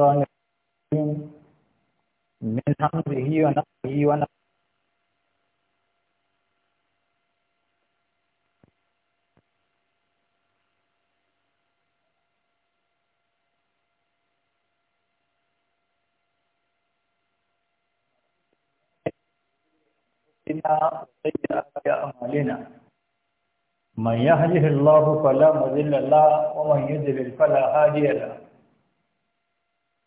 الشيطان الرجيم من أمره ونفسه ونفسه سيئات أعمالنا من يهده الله فلا مضل له ومن يضلل فلا هادي له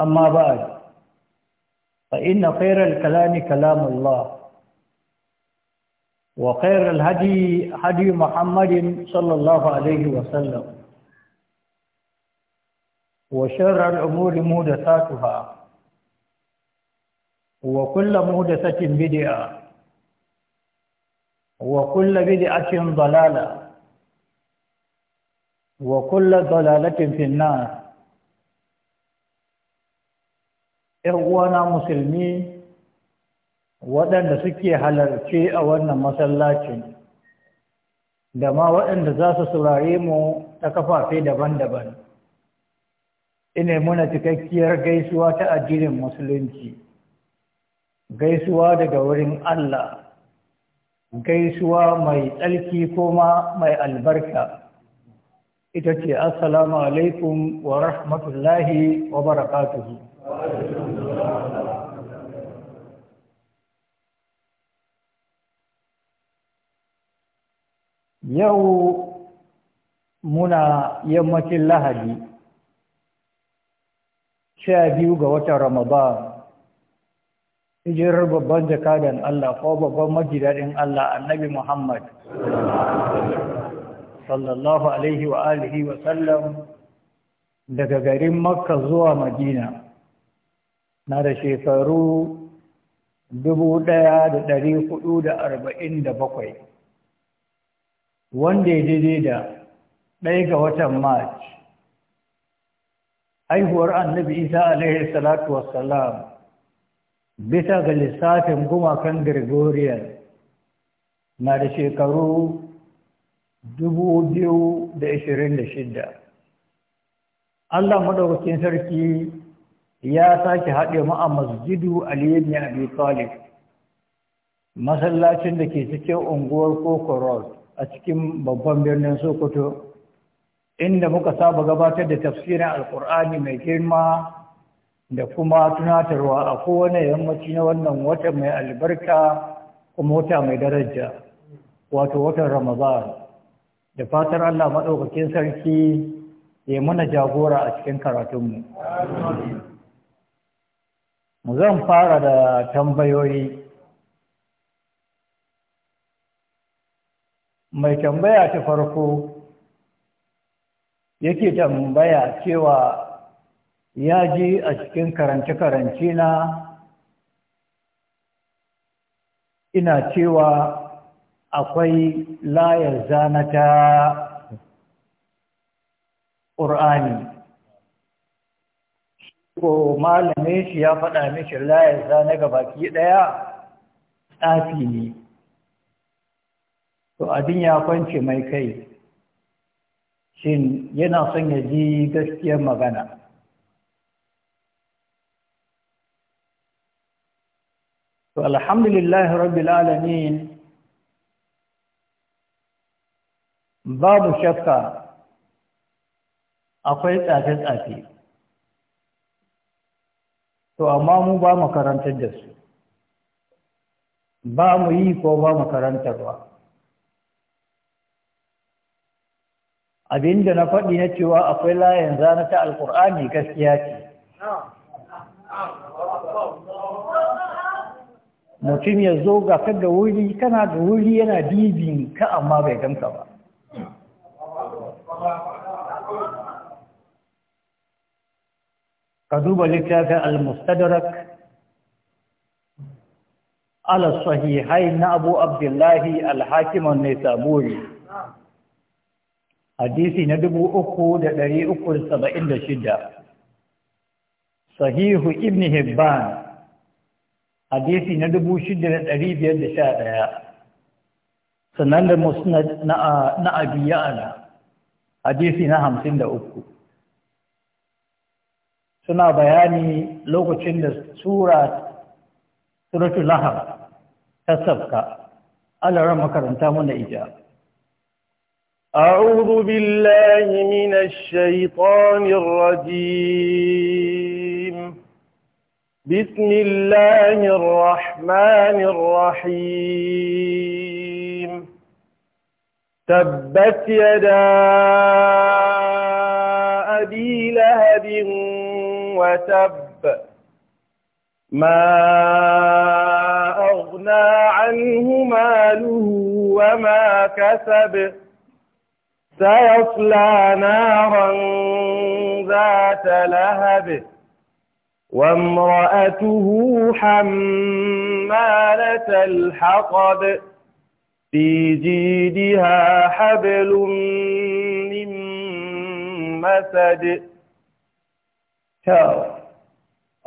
أما بعد فإن خير الكلام كلام الله وخير الهدي هدي محمد صلى الله عليه وسلم وشر الأمور مهدساتها وكل مودسة بدعة وكل بدعة ضلالة وكل ضلالة في النار ‘yan uwana musulmi waɗanda suke halarci a wannan masallacin da ma waɗanda za su saurare mu ta kafafe daban-daban ina muna cikakkiyar gaisuwa ta addinin musulunci gaisuwa daga wurin Allah gaisuwa mai tsarki kuma mai albarka ita ce assalamu alaikum wa rahmatullahi wa barakatuhu yau muna yammacin lahadi sha biyu ga watan ramadan hijirar babban jakadan Allah ko babban majidadin Allah annabi Muhammad sallallahu alaihi wa alihi wa sallam daga garin makka zuwa madina na da shekaru da da da ɗari arba'in bakwai. wanda ya daidai da ɗaya ga watan march haihuwar annabi isa alaihi salatu wassalam bisa ga lissafin gumakan gregorian na da shekaru da da shida. allah maɗaukakin sarki ya sake haɗe mu a masjidu aliyu ne abi talib masallacin da ke cikin unguwar kokorot. a cikin babban birnin sokoto inda muka saba gabatar da tafsirin alkur'ani mai girma da kuma tunatarwa a kowane yammaci na wannan wata mai albarka kuma wata mai daraja wato watan ramadan da fatar allah maɗaukakin sarki ya mana jagora a cikin karatunmu zan fara da tambayoyi mai tambaya ta farko yake tambaya cewa ya ji a cikin karance-karance na ina cewa akwai layar zana ta ƙur'ani ko malamin shi ya faɗa mishi layar zana ga baki ɗaya tsafi ne to abin ya kwance mai kai shin yana son ya ji gaskiyar magana to alhamdulillahi rabbil alamin babu shakka akwai tsafe-tsafe to amma mu ba makarantar da su ba mu yi ko ba makarantarwa abinda na faɗi na cewa akwai layin zana ta alƙur'ani gaskiya ce mutum ya zo ga ka da wuri kana da wuri yana dibin ka amma bai gamsa ba ka duba littafin al-mustadrak ala sahihai na abu abdullahi al-hakiman ne saburi hadisi na dubu uku da ɗari uku da saba'in da shida sahihu ibn hibban hadisi na dubu shida da ɗari biyar da sha ɗaya sannan da musnad na abiyana hadisi na hamsin da uku suna bayani lokacin da sura suratul lahab ta sabka ran makaranta mana ija أعوذ بالله من الشيطان الرجيم بسم الله الرحمن الرحيم تبت يدا أبي لهب وتب ما أغنى عنه ماله وما كسب سيصلى نارا ذات لهب وامرأته حمالة الحطب في جيدها حبل من مسد شاو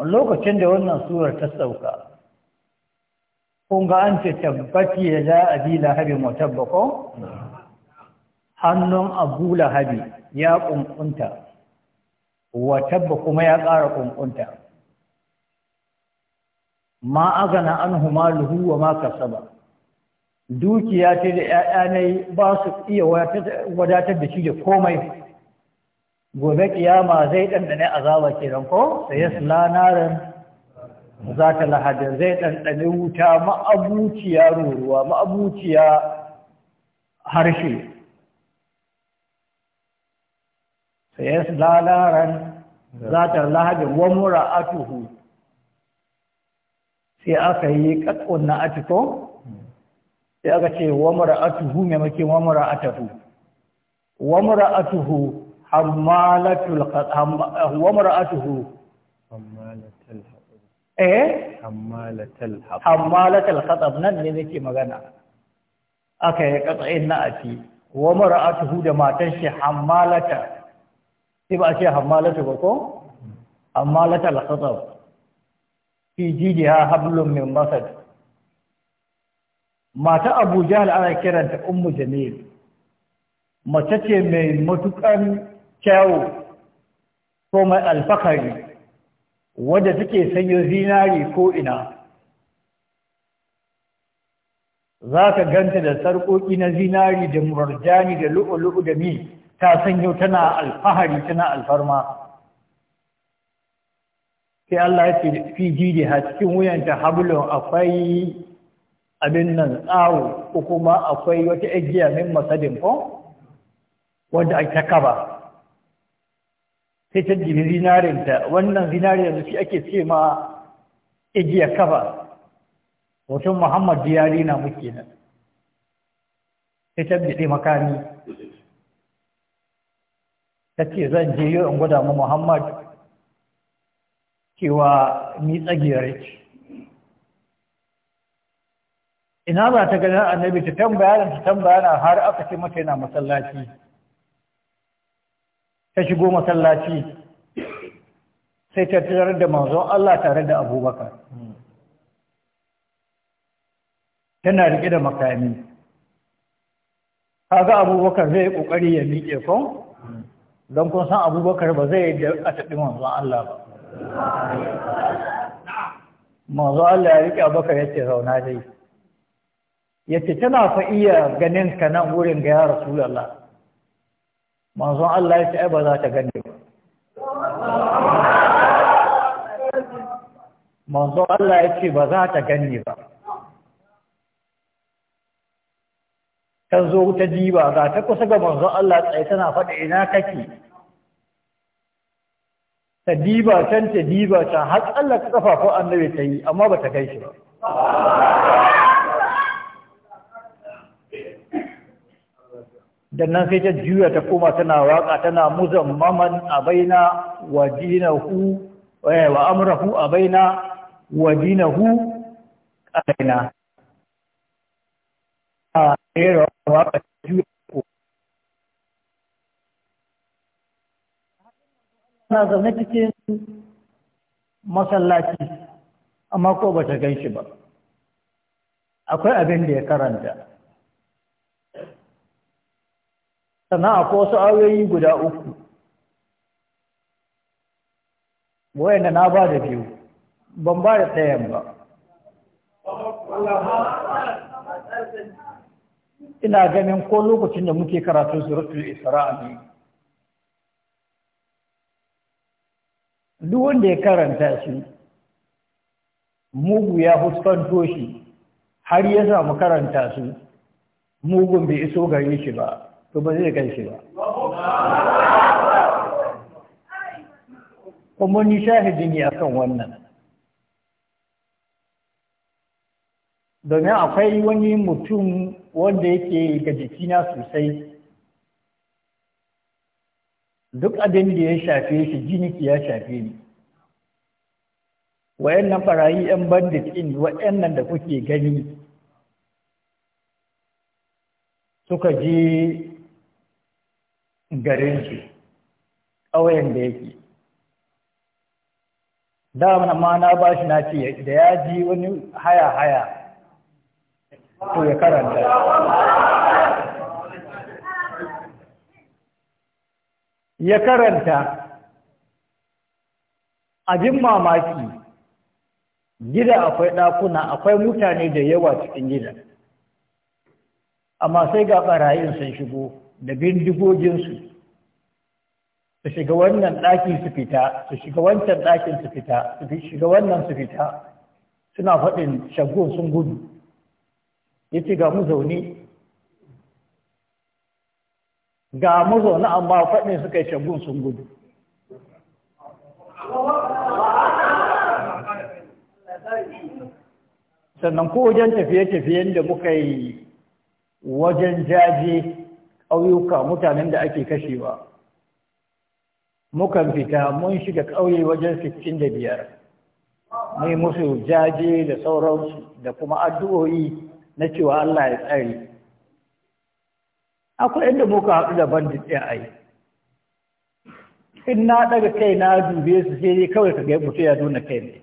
اللوكة شند ونا سورة تسوكا لهب متبقو نعم hannun abu lahabi ya ƙunƙunta wa tabba kuma ya ƙara ƙunƙunta ma agana an luhu wa ma kasaba dukiya ta da ƴaƴanai ba su iya wadatar da shi da komai gobe kiyama zai ɗanɗane azaba kenan ko sai ya sula narin za ta lahadin zai ɗanɗane wuta ma'abuciya ruruwa ma'abuciya harshe sayasla zata zatar lahabin wa mura'atuhu sai aka yi katsun na atiko sai aka ce wa mura'atuhu maimakon wa mura'atuhu wa mura'atuhu hammalatul wa mura'atuhu hammalatul eh hammalatul hammalatul khatab nan ne nake magana aka yi katsayin na ati wa mura'atuhu da matan shi hammalata sai ba a ce hamalatu ba ko hamalata al-khatab fi jidiha hablum min masad mata Abu Jahl ana kiranta Ummu Jamil mace ce mai matukan kyau ko mai alfakari wadda take sanyo zinari ko ina za ka ganta da sarƙoƙi na zinari da murjani da lu'ulu'u da mi ta san yau tana alfahari tana alfarma sai Allah ya ce fi jide ha cikin wuyanta hablon akwai abin nan tsawo ko kuma akwai wata ajiya min masadin ko wanda ake kaba sai ta jini ta. wannan zinarin yanzu shi ake ce ma ajiya kaba hoton muhammad diyari na muke nan sai ta jide makami ta ce zan je yau in gwada ma muhammad cewa ni tsagiyar ce ina za ta ganin annabi ta tambaya ta tambaya har aka ce mata yana masallaci ta shigo masallaci sai ta tarar da manzon Allah tare da abubakar tana riƙe da makami Ka ga abubakar zai ƙoƙari ya miƙe ko? don kun san abubakar ba zai da a taɓi manzo Allah ba manzo Allah ya riƙe abubakar ya ce zauna dai ya ce tana fa iya ganin ka nan wurin ga ya rasulullah manzo Allah ya ce ai ba za ta gane ba manzo Allah ya ce ba za ta gane ba ta zo ta diba ga ta kusa ga manzo Allah tsaye tana faɗa ina kake ta diba can ta diba can har Allah ka ko annabi ta yi amma ba ta kai shi ba dan nan sai ta juya ta koma tana waka tana muzammaman abaina wa dinahu eh, wa amrahu baina wa dinahu rọ̀ wá pẹ̀lú òkú. na zaune cikin masallaci, amma ko ba ta gan shi ba. Akwai abin da ya karanta. Sannan akwai wasu ayoyi guda uku. Wayanda na ba da biyu, ban ba da ɗayan ba. ina ganin ko lokacin da muke karatu suratul isra ne duk wanda ya karanta shi mugu ya fuskanto shi har ya samu karanta su mugun bai iso gare shi ba to ba zai kai shi ba kuma ni shahidi ne akan wannan domin akwai wani mutum wanda yake ga jikina sosai duk abin da ya shafe shi jiniki ya shafe ni wayannan farayi yan bandit in wayannan da kuke gani suka je garin shi ƙauyen da yake da ma na bashi na ce da ya ji wani haya-haya to ya karanta ya karanta abin mamaki gida akwai ɗakuna akwai mutane da yawa cikin gida amma sai ga ɓarayin sun shigo da bindigoginsu su shiga wannan ɗakin su fita su shiga wancan ɗakin su fita su shiga wannan su fita suna faɗin shagun sun gudu ya ga mu zaune ga mu zaune amma faɗin suka yi shagun sun gudu sannan ko wajen tafiye-tafiyen da muka yi wajen jaje ƙauyuka mutanen da ake kashewa mukan fita mun shiga ƙauye wajen 65 mai musu jaje da sauransu da kuma addu'o'i na cewa Allah ya tsare akwai inda muka haɗu da bandit ɗin ai in na ɗaga kai na dube su sai dai kawai ka ga mutu ya nuna kai ne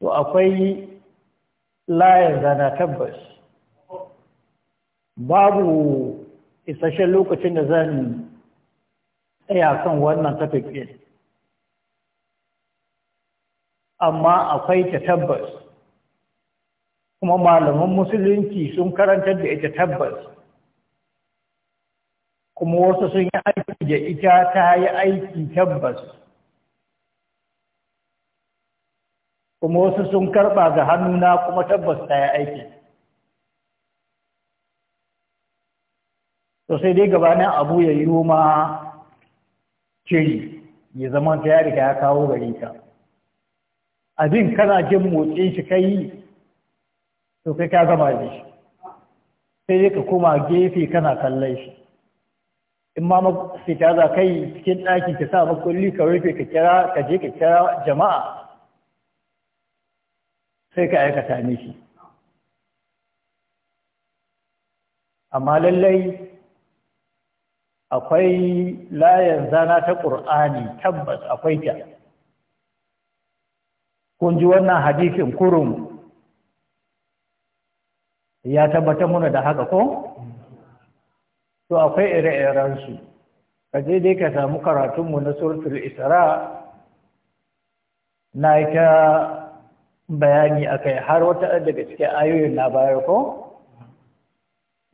to akwai layar zana tabbas babu isasshen lokacin da zan tsaya kan wannan tafiye amma akwai ta tabbas kuma malaman musulunci sun karantar da ita tabbas kuma wasu sun yi aiki da ita ta yi aiki tabbas kuma wasu sun karɓa ga hannuna kuma tabbas ta yi aiki sosai dai gabanin abu ya yi ma ciri ya zama ta ya riga ya kawo gari ka abin kana jin motsin shi kai to kai ka gama ne shi sai dai ka koma gefe kana kallon shi in ma fita za kai cikin ɗakin, ka sa makulli ka rufe ka kira ka je ka kira jama'a sai ka aikata shi amma lallai akwai layar zana ta ƙur'ani tabbas akwai ta kun ji wannan hadisin kurum ya tabbatar muna da haka ko to akwai ire-irensu ka je dai ka samu karatunmu na suratul isra na ta bayani akai har wata daga cikin ayoyin na bayar ko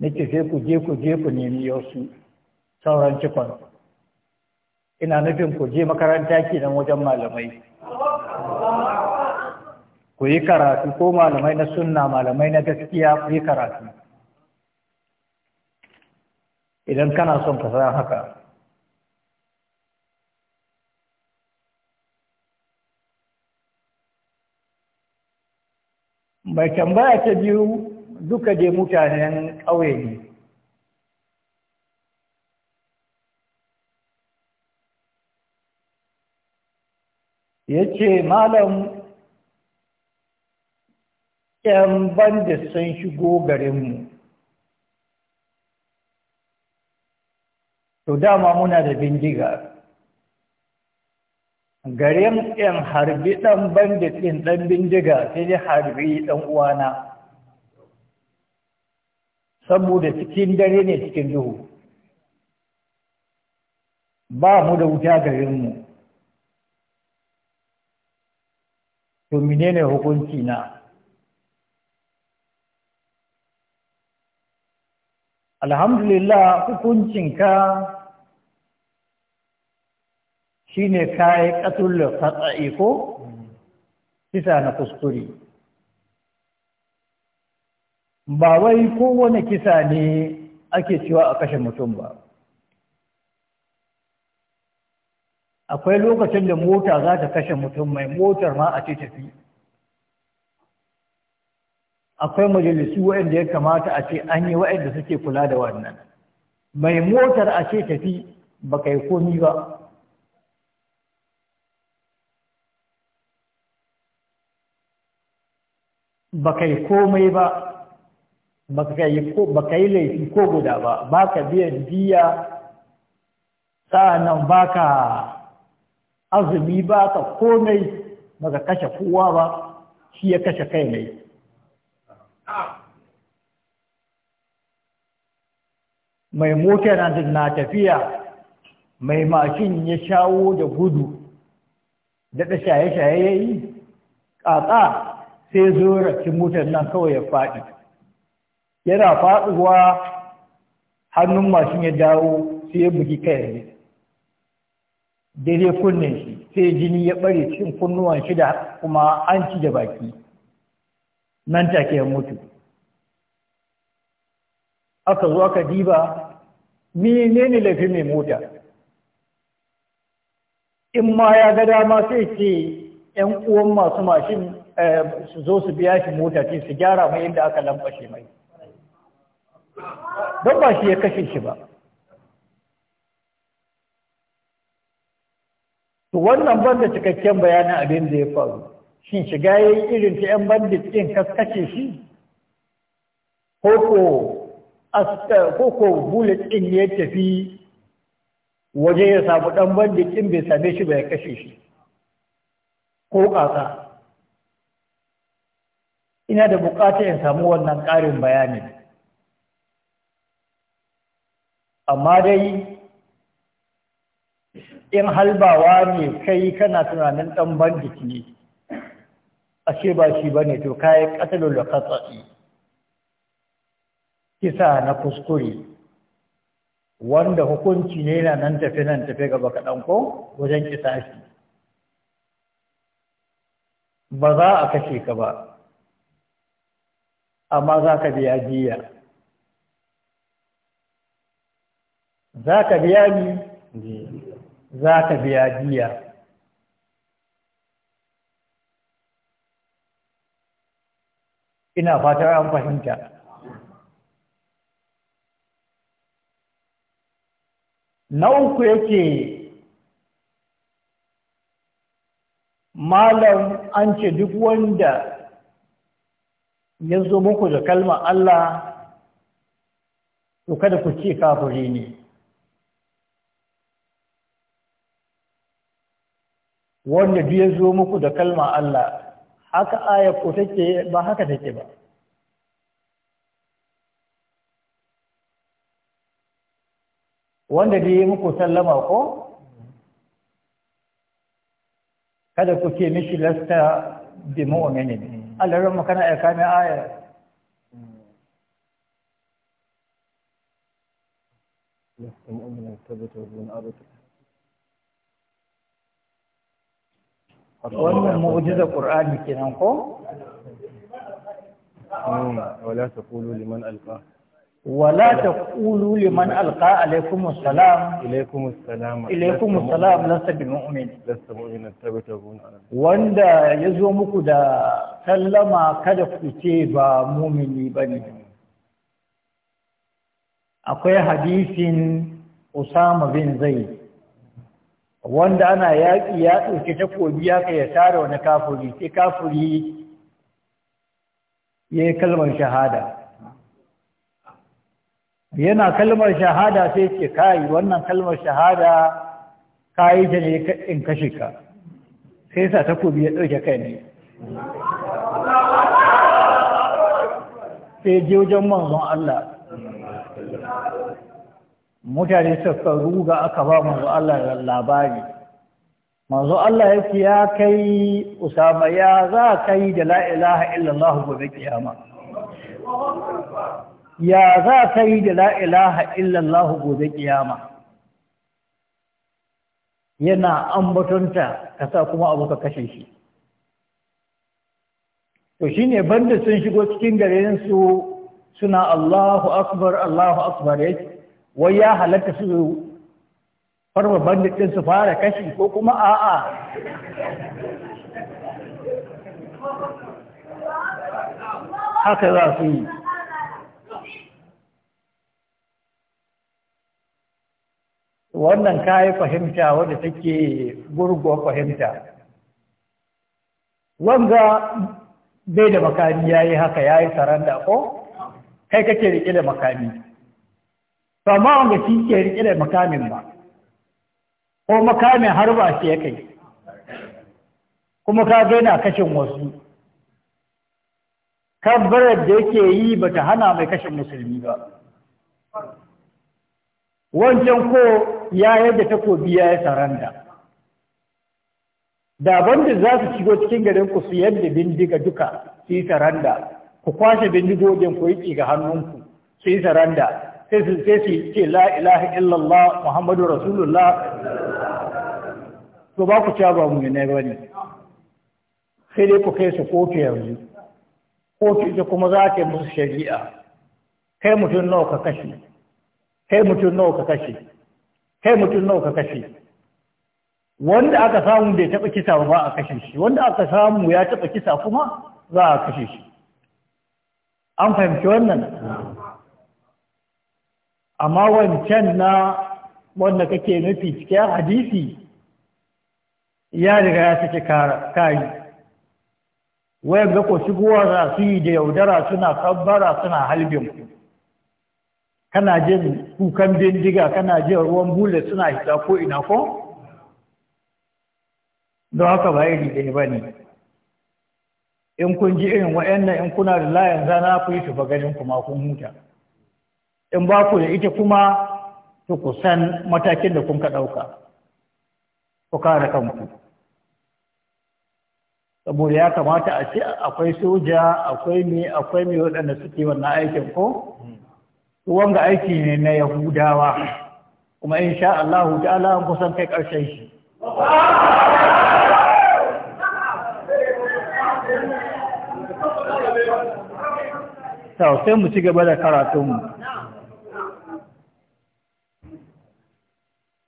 nake sai ku je ku je ku nemi yosu sauran cikon ina nufin ku je makaranta kenan wajen malamai ku yi karatu ko malamai na sunna malamai na gaskiya ku yi karatu idan kana son ka san haka mai tambaya ta biyu duka dai mutanen ƙauye ne ya ce malam ‘yan banda sun shigo garinmu. To dama muna da bindiga. Garin ‘yan harbi ɗan banda ɗin ɗan bindiga sai dai harbi ɗan uwana. Saboda cikin dare ne cikin duhu. Ba mu da wuta garinmu. To menene hukunci na? alhamdulillah hukuncinka shi ne kayi ƙatullar fatsa'i ko kisa na kuskuri? ba wai kowane kisa ne ake cewa a kashe mutum ba akwai lokacin da mota za ta kashe mutum mai motar ma a ce tafi akwai majalisu waɗanda ya kamata a ce an yi waɗanda suke kula da wannan mai motar a ce tafi ba kai komi ba ba kai komai ba ba ka yi laifi ko guda ba ba ka biyan diya sa'annan ba ka azumi ba ka komai ba ka kashe kowa ba shi ya kashe kai mai mai mota na tafiya mai mashin ya shawo da gudu daɗa shaye-shaye ya yi ƙaƙa sai zo rafi motar nan kawai ya faɗi yana faɗuwa hannun mashin ya dawo sai ya bugi kai ne daidai kunnen shi sai jini ya ɓare cikin kunnuwan shida kuma an ci da baki nan take ya mutu aka zo aka diba menene laifin mai mota in ma ya ga dama sai ce ‘yan uwan masu mashin eh, su zo su biya shi mota ce su gyara mai inda aka lambashe mai don ba shi ya kashe shi ba to wannan banda cikakken bayanin abin da ya faru shin shiga ya yi irin ta ‘yan bandit ɗin kaskace shi ko ko ko koko bullet ɗin ya tafi waje ya samu ɗan bandit bai same shi ba ya kashe shi ko ƙasa ina da buƙatar in samu wannan ƙarin bayanin amma dai in halbawa ne kai kana tunanin ɗan bandiki ne ashe ba shi ba ne to kayan ƙasar da katsaɗi kisa na kuskure wanda hukunci ne yana nan tafe nan tafe gaba kaɗan ko wajen kisa shi ba za a kashe ka ba amma za ka biya jiya za ka biya ni za ka biya jiya ina fatar an fahimta na uku yake malam an ce duk wanda ya zo muku da kalmar Allah to kada ku ce kafuri ne wanda duk ya zo muku da kalmar Allah haka ayar ku take ba haka take ba wanda dai muku sallama ko kada ku ce mishi lasta bi mu'minin Allah ran makana ya kame aya لست مؤمنا ثبته من أرضه wannan mu'jiza qur'ani kenan ko wala taqulu liman alqa ولا تقولوا لمن ألقى عليكم السلام إليكم السلام إليكم السلام لست بمؤمن لست مؤمنا تبتغون على وندا kada ku ce ba mumini bane akwai hadisin Usama bin zai. wanda ana yaƙi ya ɗauki takobi ya kai ya tare wani kafuri sai kafuri ya yi kalmar shahada yana kalmar shahada sai ce kai wannan kalmar shahada kayi ta ne in kashe ka sai sa takobi ya ɗauke kai ne sai je wajen manzon Allah mutane suka ruga aka ba manzon Allah labari manzon Allah ya ce ya kai Usama ya za kai da la ilaha illallah gobe kiyama ya za ka yi da la'ilaha illallahu gobe ƙiyama yana ambatonta ka sa kuma abu ka kashe shi to shi ne banda sun shigo cikin garinsu suna allahu akbar allahu akbar ya wai ya halatta su farfa banda ɗin su fara kashi ko kuma a'a haka za su yi wannan kayi fahimta wadda take gurguwa fahimta wanga bai da makami ya yi haka ya yi saranda ko kai kake rike da makami amma wanda shi ke rike da makamin ba ko makamin har ba shi ya kai kuma ka gaina kashin wasu kabbarar da yake yi bata hana mai kashin musulmi ba wancan ko ya yadda takobi ya yi saranda da banda za su shigo cikin garin ku su yadda bindiga duka su yi saranda ku kwashe bindigogin ku yi ga hannunku su yi saranda sai su sai su ce la ilaha illallah muhammadu rasulullah to ba ku ci ba mu ne ba ne sai dai ku kai su kofi yanzu Kofi ita kuma za ta yi musu shari'a kai mutum nawa ka kashe kai mutum nawa ka kashe kai mutum nawa ka kashe wanda aka samu bai taɓa kisa ba a kashe shi wanda aka samu ya taɓa kisa kuma za a kashe shi an fahimci wannan amma wancan na wanda kake nufi cikin hadisi ya riga ya sake kari wayan ga ko shigowa za su yi da yaudara suna kabbara suna halbinku. kana jin kukan bindiga kana jin ruwan bullet suna hita ko ina ko don haka ba iri ɗaya ba ne in kun ji irin waɗannan in kuna da layan zana ku yi tuba ganin kuma kun huta in ba ku da ita kuma to ku san matakin da kun ka ɗauka ku kare kanku saboda ya kamata a ce akwai soja akwai me akwai me waɗanda suke wannan aikin ko wanga aiki ne na yahudawa kuma insha Allah ta'ala an kusan kai ƙarshen shi sai mu ci gaba da karatunmu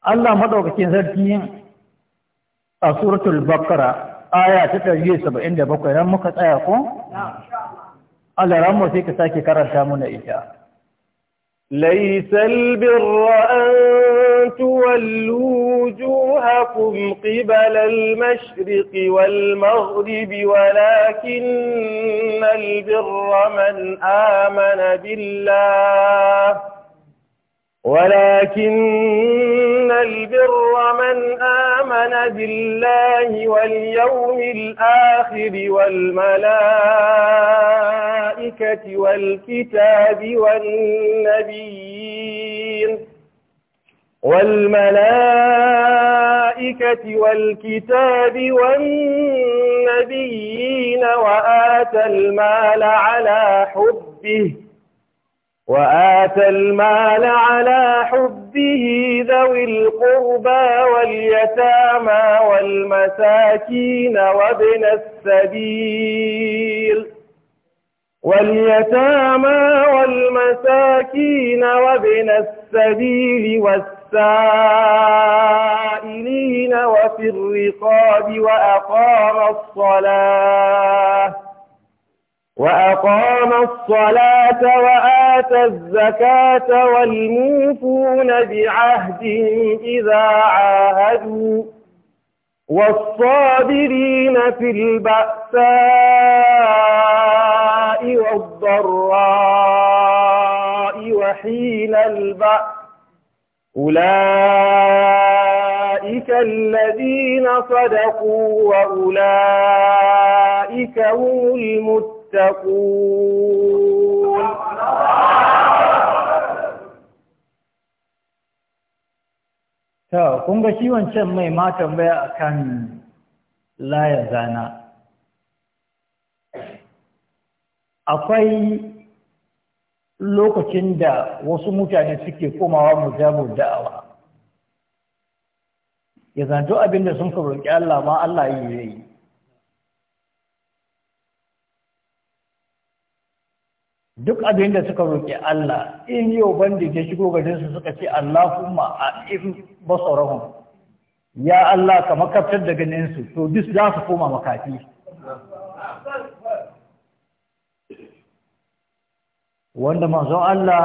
Allah maɗaukakin sarki a suratul bakara aya ta ɗari saba'in da bakwai ran muka tsaya ko? Allah mu sai ka sake karanta muna ita. ليس البر أن تولوا وجوهكم قبل المشرق والمغرب ولكن البر من آمن بالله ولكن البر من آمن بالله واليوم الآخر والملائكة والكتاب والنبيين والملائكة والكتاب والنبيين وآتى المال على حبه وآتى المال على حبه ذوي القربى واليتامى والمساكين وابن السبيل واليتامى والمساكين وابن السبيل والسائلين وفي الرقاب وأقام الصلاة وأقام الصلاة وآتى الزكاة والموفون بعهدهم إذا عاهدوا والصابرين في البأساء والضراء وحين البأس أولئك الذين صدقوا وأولئك هم المتقون تتقون ta ga shi wancan mai ma tambaya akan layar zana akwai lokacin da wasu mutane suke komawa mu mujabu da'awa ya zanto abinda sun ka roƙi Allah ma Allah yi yayi duk abin da suka roƙe Allah in yau bandi ke shigo garinsu suka ce Allahumma a in basarahum ya Allah ka makaftar da ganinsu to duk za su koma makafi wanda manzon Allah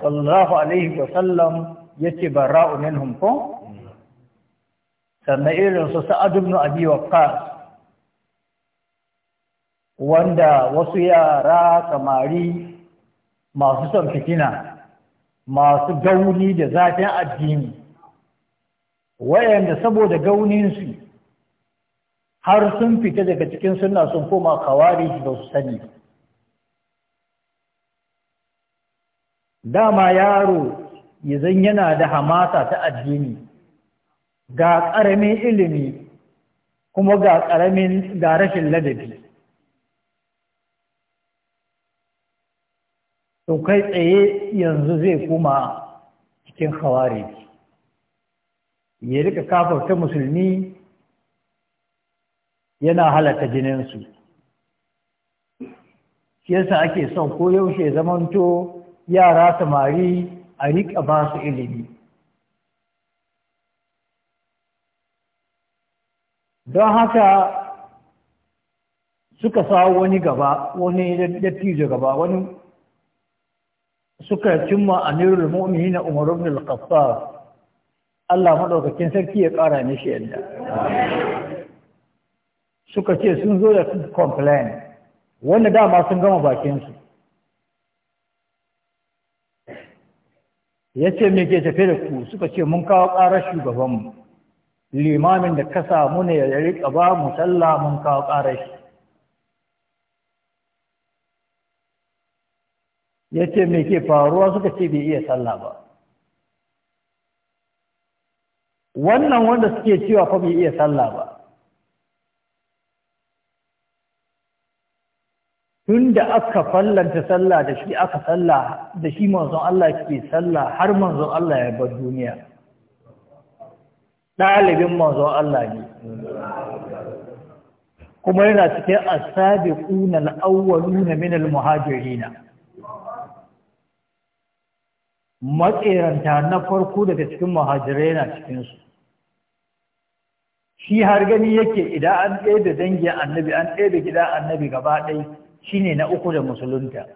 sallallahu alaihi wasallam yace bara'u minhum ko sannan irin su sa'ad ibn abi waqqas wanda wasu yara samari masu son fitina masu gauni da zafin addini wayanda saboda gauninsu har sun fita daga cikin suna sun koma kawari da su sani dama yaro yanzan yana da hamasa ta addini ga ƙaramin ilimi kuma ga ƙaramin ga rashin ladabi to kai tsaye yanzu zai koma cikin hawari ya rika ta musulmi yana halatta jininsu shi yasa ake son ko yaushe zamanto yara samari a rika ba su ilimi don haka suka sa wani gaba wani dattijo gaba wani suka cimma a amirul mu'minin umaru bin al qassar Allah madaukakin sarki ya ƙara mishi yadda suka ce sun zo da complain wanda dama sun gama bakinsu ya ce me ke tafe da ku suka ce mun kawo ƙarar mu limamin da ka samu ne ya rika ba mu sallah mun kawo ƙarar shi ya ce me ke faruwa suka ce bai iya sallah ba wannan wanda suke cewa fa bai iya sallah ba tun da aka fallanta sallah da shi aka sallah da shi manzon Allah ke sallah har manzon Allah ya bar duniya ɗalibin manzon Allah ne kuma yana cikin asabiquna al-awwaluna min al-muhajirina matseranta na farko daga cikin muhajirai na cikinsu shi har gani yake idan an tsaye da dangin annabi an tsaye da gidan annabi gaba ɗai shine na uku da musulunta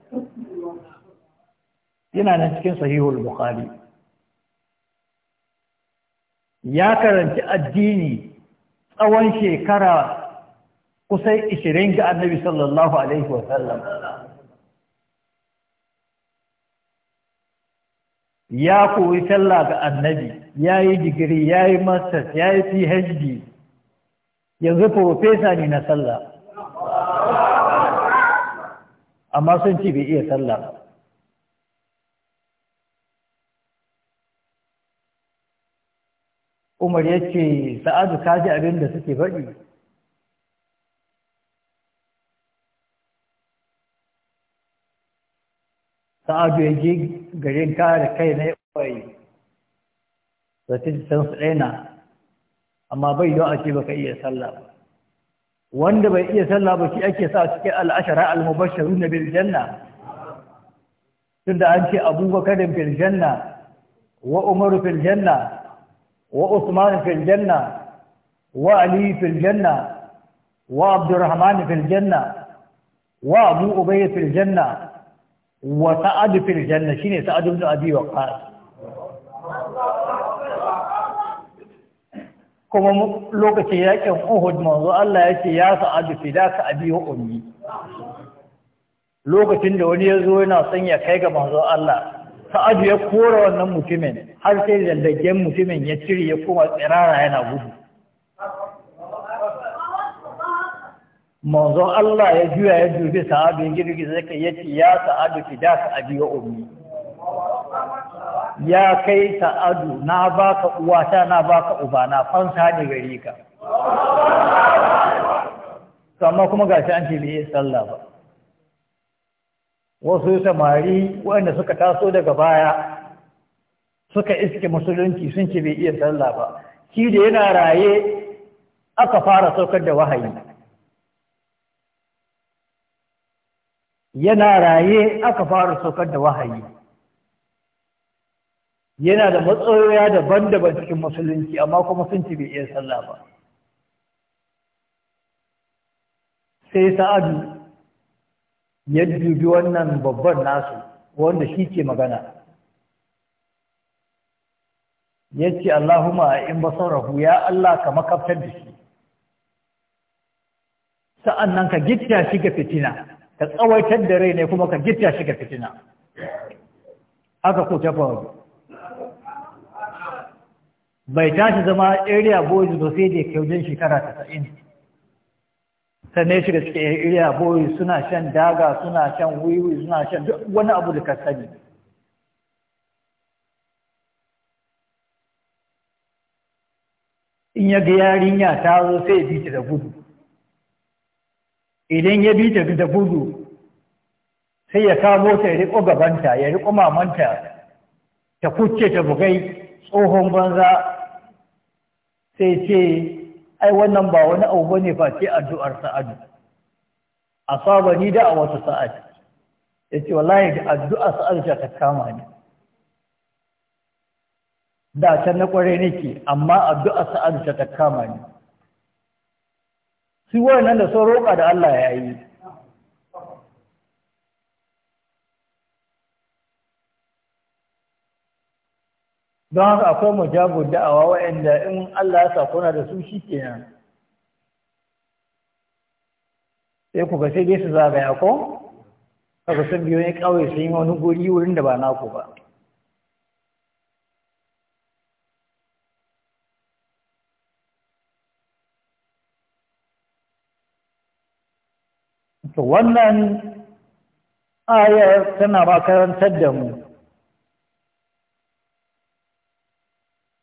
yana nan cikin sahihul bukhari ya karanci addini tsawon shekara kusan 20 ga annabi sallallahu alaihi wasallam ya koyi sallah ga annabi ya yi digiri ya yi masters ya yi phd yanzu profesa ne na sallah amma sun ci bai iya sallah umar ya ce sa'adu ka ji abin da suke baɗi sa'adu ya je garin kare kai na yawai zatin san su amma bai yi a ce baka iya sallah ba wanda bai iya sallah ba shi ake sa cikin al'ashara al-mubashsharun bil janna tunda an ce abubakar fil janna wa umaru fil janna wa usman fil janna wa ali fil janna wa abdurrahman fil janna wa abu ubayy fil janna wa sa'adu fil janna shine sa'adu ibn abi waqas kuma lokacin yakin Uhud manzo Allah ya ce ya sa'adu fidaka abi wa ummi lokacin da wani yazo yana son ya kai ga manzo Allah sa'adu ya kora wannan mutumin har sai da mutumin ya cire ya koma tsirara yana gudu manzon Allah ya juya ya dubi sahabin girgi sai yace ya sa'adu ki da ka abi wa ummi ya kai sa'adu na baka uwata na baka uba na fansa ne gare ka amma kuma gashi an ce bai sallah ba wasu samari wayanda suka taso daga baya suka iske musulunci sun ce bai iya sallah ba shi da yana raye aka fara saukar da wahayi yana raye aka fara saukar da wahayi yana da matsayoya daban-daban cikin musulunci amma kuma sun ci bai iya sallah ba sai sa'adu ya dubi wannan babban nasu wanda shi ke magana ya ce Allahumma in basarahu ya Allah ka makaftar da shi sa'an nan ka gita shi ga fitina ka tsawaitar da rai ne kuma ka gita shi ga fitina haka ko ta faru bai tashi zama area boys da sai da kyaujin shekara shekara 90 sannan shiga cikin area boys suna shan daga suna shan wiwi suna shan duk wani abu da ka sani in ya ga yarinya ta zo sai ya bi da gudu idan ya bi ta da gudu sai ya kamo ta ya riko gabanta ya riko mamanta ta kuce ta bugai tsohon banza sai ce ai wannan ba wani abu bane face addu'ar sa'adu asaba ni da a wasu sa'ad yace wallahi da addu'a sa'adu ta kama ni da can na kware nake amma addu'a sa'ad ta kama ni su nan da son roƙa da Allah ya yi don haka akwai mujabu da'awa wa'anda in Allah ya sakuna da su shi kenan sai ku ga sai dai su zagaya ko kaga sun biyo ne kawai sun yi wani guri wurin da ba naku ba to wannan ayar tana makarantar da mu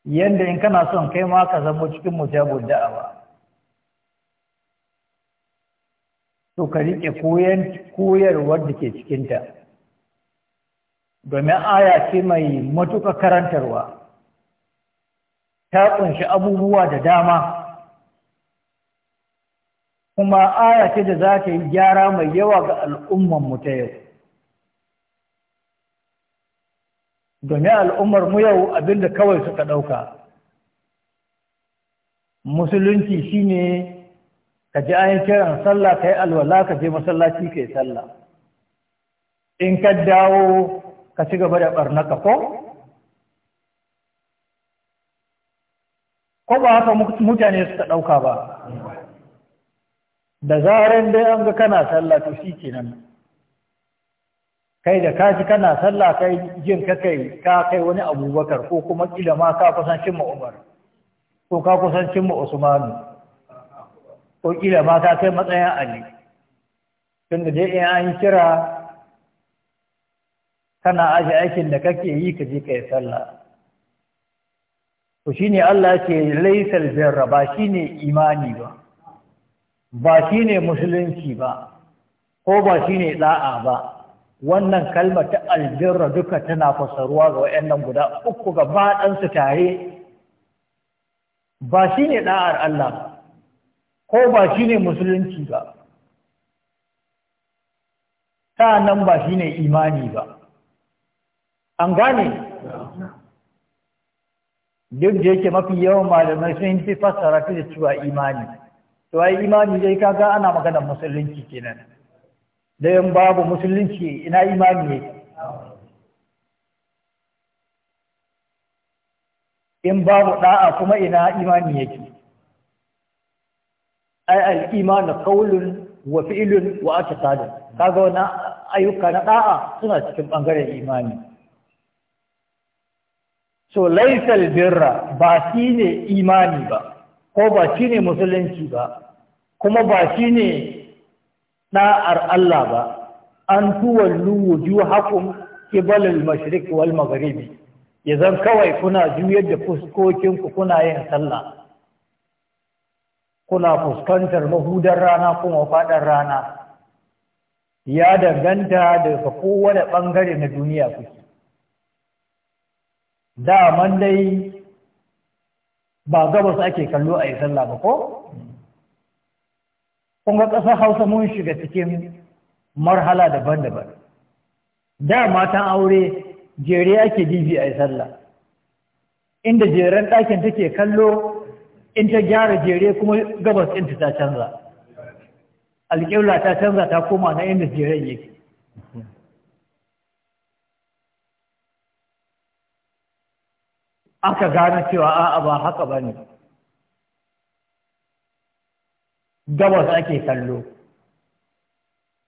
Yadda in kana son kai ma ka zama cikin mujabul da'awa to ka rike koyar koyarwar ke cikinta domin aya ce mai matuƙa karantarwa ta ƙunshi abubuwa da dama kuma aya ce da za ta yi gyara mai yawa ga al'ummar mu ta yau domin al'ummar mu yau abinda kawai suka ɗauka musulunci shine ka ji an kiran sallah ka yi alwala ka je masallaci ka yi sallah in ka dawo ka ci gaba da ɓarnaka ko? ko ba haka mutane suka ɗauka ba da zaran dai an ga kana sallah to shi kenan kai da ka ji kana sallah kai jin ka kai ka kai wani abubakar ko kuma kila ma ka kusan ma umar ko ka kusan ma usmanu ko kila ma ka kai matsayin ali Tun da dai in an kira kana aje aikin da kake yi ka je kai sallah to shine Allah ke laisal birra ba shine imani ba ba shi ne musulunci ba ko ba shi ne ɗa'a ba wannan kalmar ta aljirra duka tana fasaruwa ga waɗannan guda uku gaba ɗansu tare ba shi ne ɗa'ar Allah ko ba shi ne musulunci ba Ta nan ba shi ne imani ba an gane duk da yake mafi yawan malamai sun fi fassara fi da cewa imani to ai imani dai kaga ana maganar musulunci kenan 'yan babu musulunci ina imani ne in babu da'a kuma ina imani yake ai al-iman qaulun wa fi'lun wa i'tiqad kaga wannan ayyuka na da'a suna cikin bangaren imani so laysal birra ba shine imani ba ko ba shi ne musulunci ba kuma ba shi ne ɗa'ar Allah ba an tuwallu wujuhakum qibalal mashriq wal magharibi idan kawai kuna juyar da fuskokin ku kuna yin sallah kuna fuskantar mahudar rana kuma fadar rana ya danganta daga kowane bangare na duniya kuke man dai ba gabas ake kallo a yi sallah ba ko? ga ƙasar Hausa mun shiga cikin marhala daban-daban. Da matan aure jere ake bibi a yi sallah. Inda jeren ɗakin take kallo in ta gyara jere kuma gabas inta ta canza. Alƙibla ta canza ta koma na inda jeren yake. aka gane cewa a'a ba haka ba ne gabas ake kallo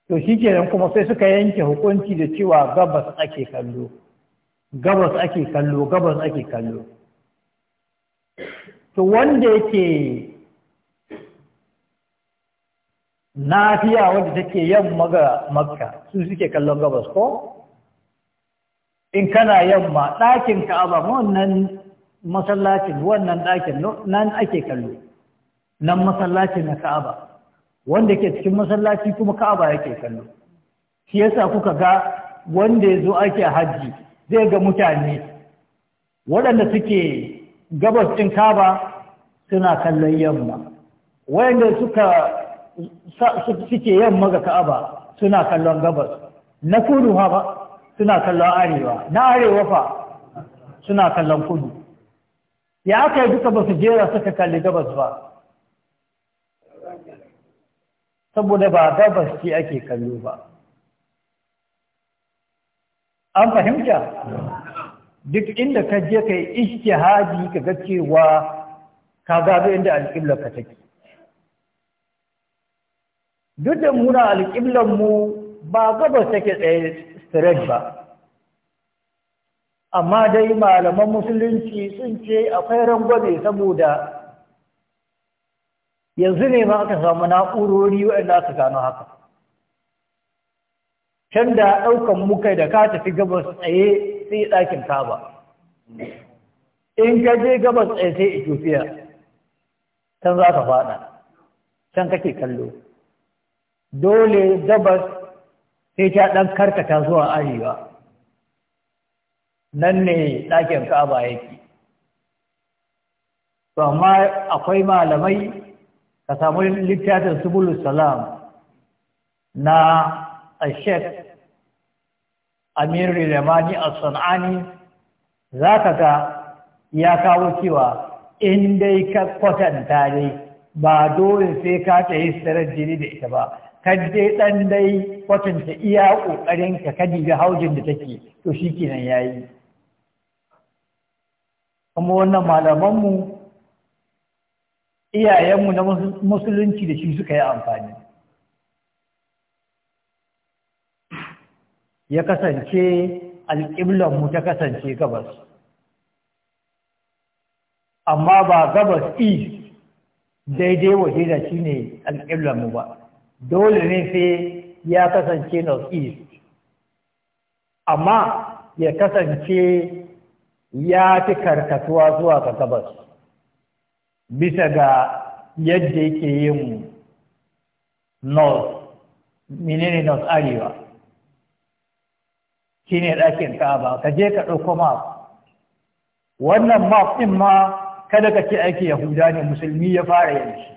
to shi kenan kuma sai suka yanke hukunci da cewa gabas ake kallo gabas ake kallo gabas ake kallo to wanda yake nafiya wanda take yamma ga makka su suke kallon gabas ko in kana yamma ɗakin ka'aba wannan masallacin wannan ɗakin nan ake kallo nan masallaci na ka'aba wanda ke cikin masallaci kuma ka'aba yake kallo shi yasa kuka ga wanda ya zo ake hajji zai ga mutane waɗanda suke gabas ɗin ka'aba suna kallon yamma wayanda suka suke yamma ga ka'aba suna kallon gabas na kudu ba suna kallon arewa na arewa fa suna kallon kudu ya aka yi duka ba su jera suka kalli gabas ba saboda ba gabas ce ake kallo ba an fahimta duk inda ka je ka yi iske haji ka ga cewa ka gaba inda alƙiblar ka take duk da muna alƙiblar mu ba gabas take tsaye straight ba amma dai malaman musulunci sun ce akwai rangwame saboda yanzu ne ma aka samu na'urori waɗanda aka gano haka can da ɗaukan muka da ka tafi gabas tsaye sai ɗakin kaba in ka je gabas tsaye sai ethiopia can za ka faɗa can kake kallo dole gabas sai ta ɗan karkata zuwa arewa nan ne ɗakin ka'aba yake to amma akwai malamai ka samu littafin subulus salam na ashek amir ramani a sun'ani za ka ga ya kawo cewa in dai ka kwatanta dai ba dole sai ka ta yi sarar jini da ita ba dai ɗan dai kwatanta iya ƙoƙarinka ka ga haujin da take to shi kenan ya yi kuma wannan malamanmu iyayenmu na musulunci da shi suka yi amfani ya kasance mu ta kasance gabas amma ba gabas east daidai waje da shi ne mu ba dole ne sai ya kasance north east amma ya kasance ya fi karkatuwa zuwa ga gabas bisa ga yadda yake yin north menene north arewa shine ɗakin ka'aba ka je ka ɗauko map wannan map ɗin ma kada ka ce aiki yahuda ne musulmi ya fara shi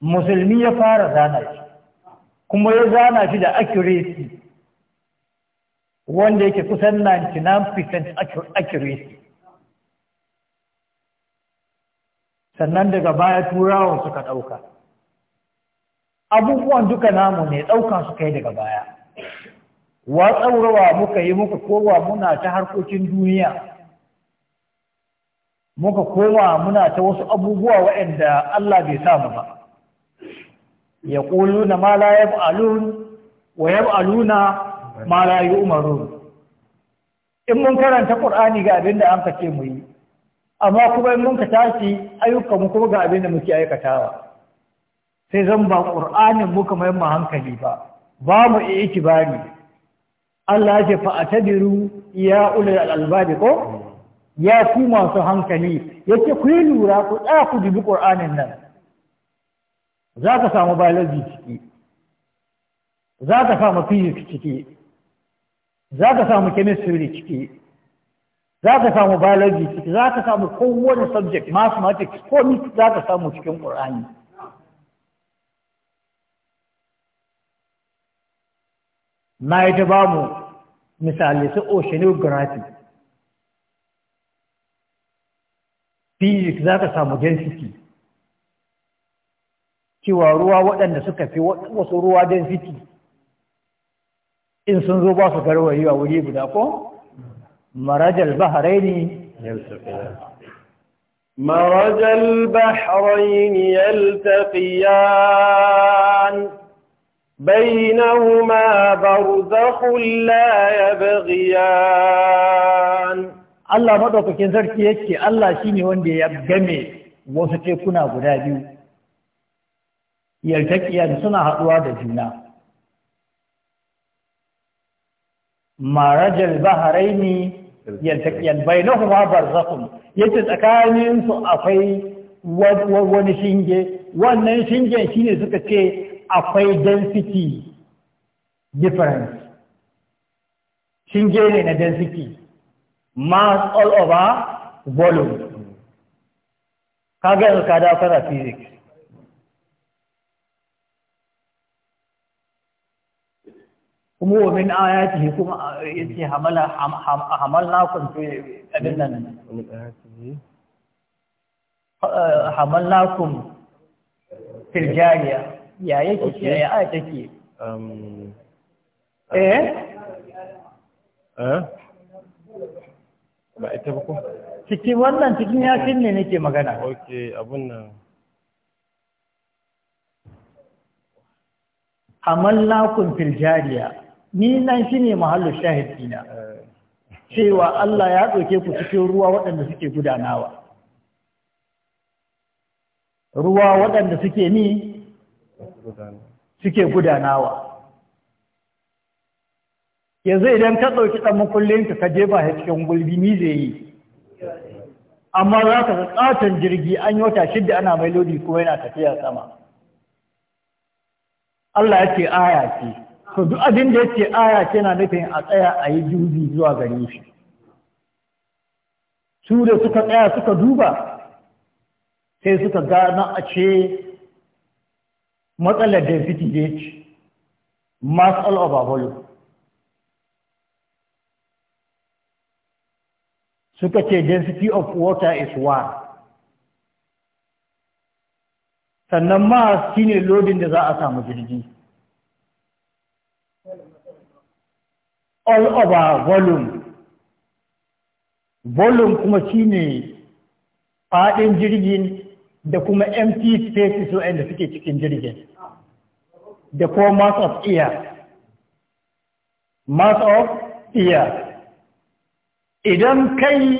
musulmi ya fara zana shi kuma ya zana shi da accuracy wanda yake kusan 99% accuracy sannan daga baya turawan suka ɗauka abubuwan duka namu ne ɗaukan su kai daga baya wa tsaurawa muka yi muka kowa muna ta harkokin duniya muka kowa muna ta wasu abubuwa waɗanda Allah bai sa samu ba ya ƙulu na ma la wa ma la yu'marun in mun karanta ƙur'ani ga abinda da an kace mu yi amma kuma in mun ka tashi ayyukan mu kuma ga abin da muke aikatawa sai zan ba ƙur'ani muka kuma mu hankali ba ba mu bani Allah ya fa atadiru ya ulul albab ko ya ku masu hankali yake ku yi lura ku tsaya ku dubi Qur'anin nan za ka samu biology ciki za ka samu fiye ciki za ka samu chemistry ciki za ka samu biology ciki za ka samu kowane subject mathematics komi za ka samu cikin ƙur'ani na yi ta ba mu misali su oceanography physics za ka samu density cewa ruwa waɗanda suka fi wasu ruwa density in sun zo ba su garwayewa wuri guda ko marajal bahraini مرج البحرين يلتقيان بينهما برزخ لا يبغيان Allah madaukakin sarki yake Allah shine wanda ya game wasu tekuna guda biyu yaltaqiyan suna haɗuwa da juna marajal baharaini yaltaqiyan bainahuma barzakhun yace tsakanin su akwai wani shinge wannan shingen shine suka ce akwai density difference shinge ne na density mass all over volume kaga yanzu ka dawo kana physics kuma wa min ayatihi kuma ah, yace hamala hamalna kun fi abin nan eh, hamalna kun fil jariya ya yake ce ya aya take um, eh eh ba ita ba ko cikin wannan cikin yasin ne nake magana okay abun nan hamalna kun fil ni nan shine muhallin shahid na. cewa Allah ya ɗauke ku cikin ruwa waɗanda suke gudanawa ruwa waɗanda suke ni suke gudanawa yanzu idan ka ɗauki ɗan makullinka ka jefa ya cikin gulbi ni zai yi amma za ka ƙaton jirgi an yi wata shidda ana mai lodi kuma yana tafiya sama Allah ya ce aya ce to duk abin da yake aya ce na nufin a tsaya a yi dubi zuwa gare shi su da suka tsaya suka duba sai suka gana a ce matsalar density gauge mass all over volume suka ce density of water is one sannan mass shine lodin da za a samu jirgi all over volume volume kuma shine faɗin jirgin da kuma empty spaces waɗanda suke cikin jirgin da kuma mass of air mass of air idan kai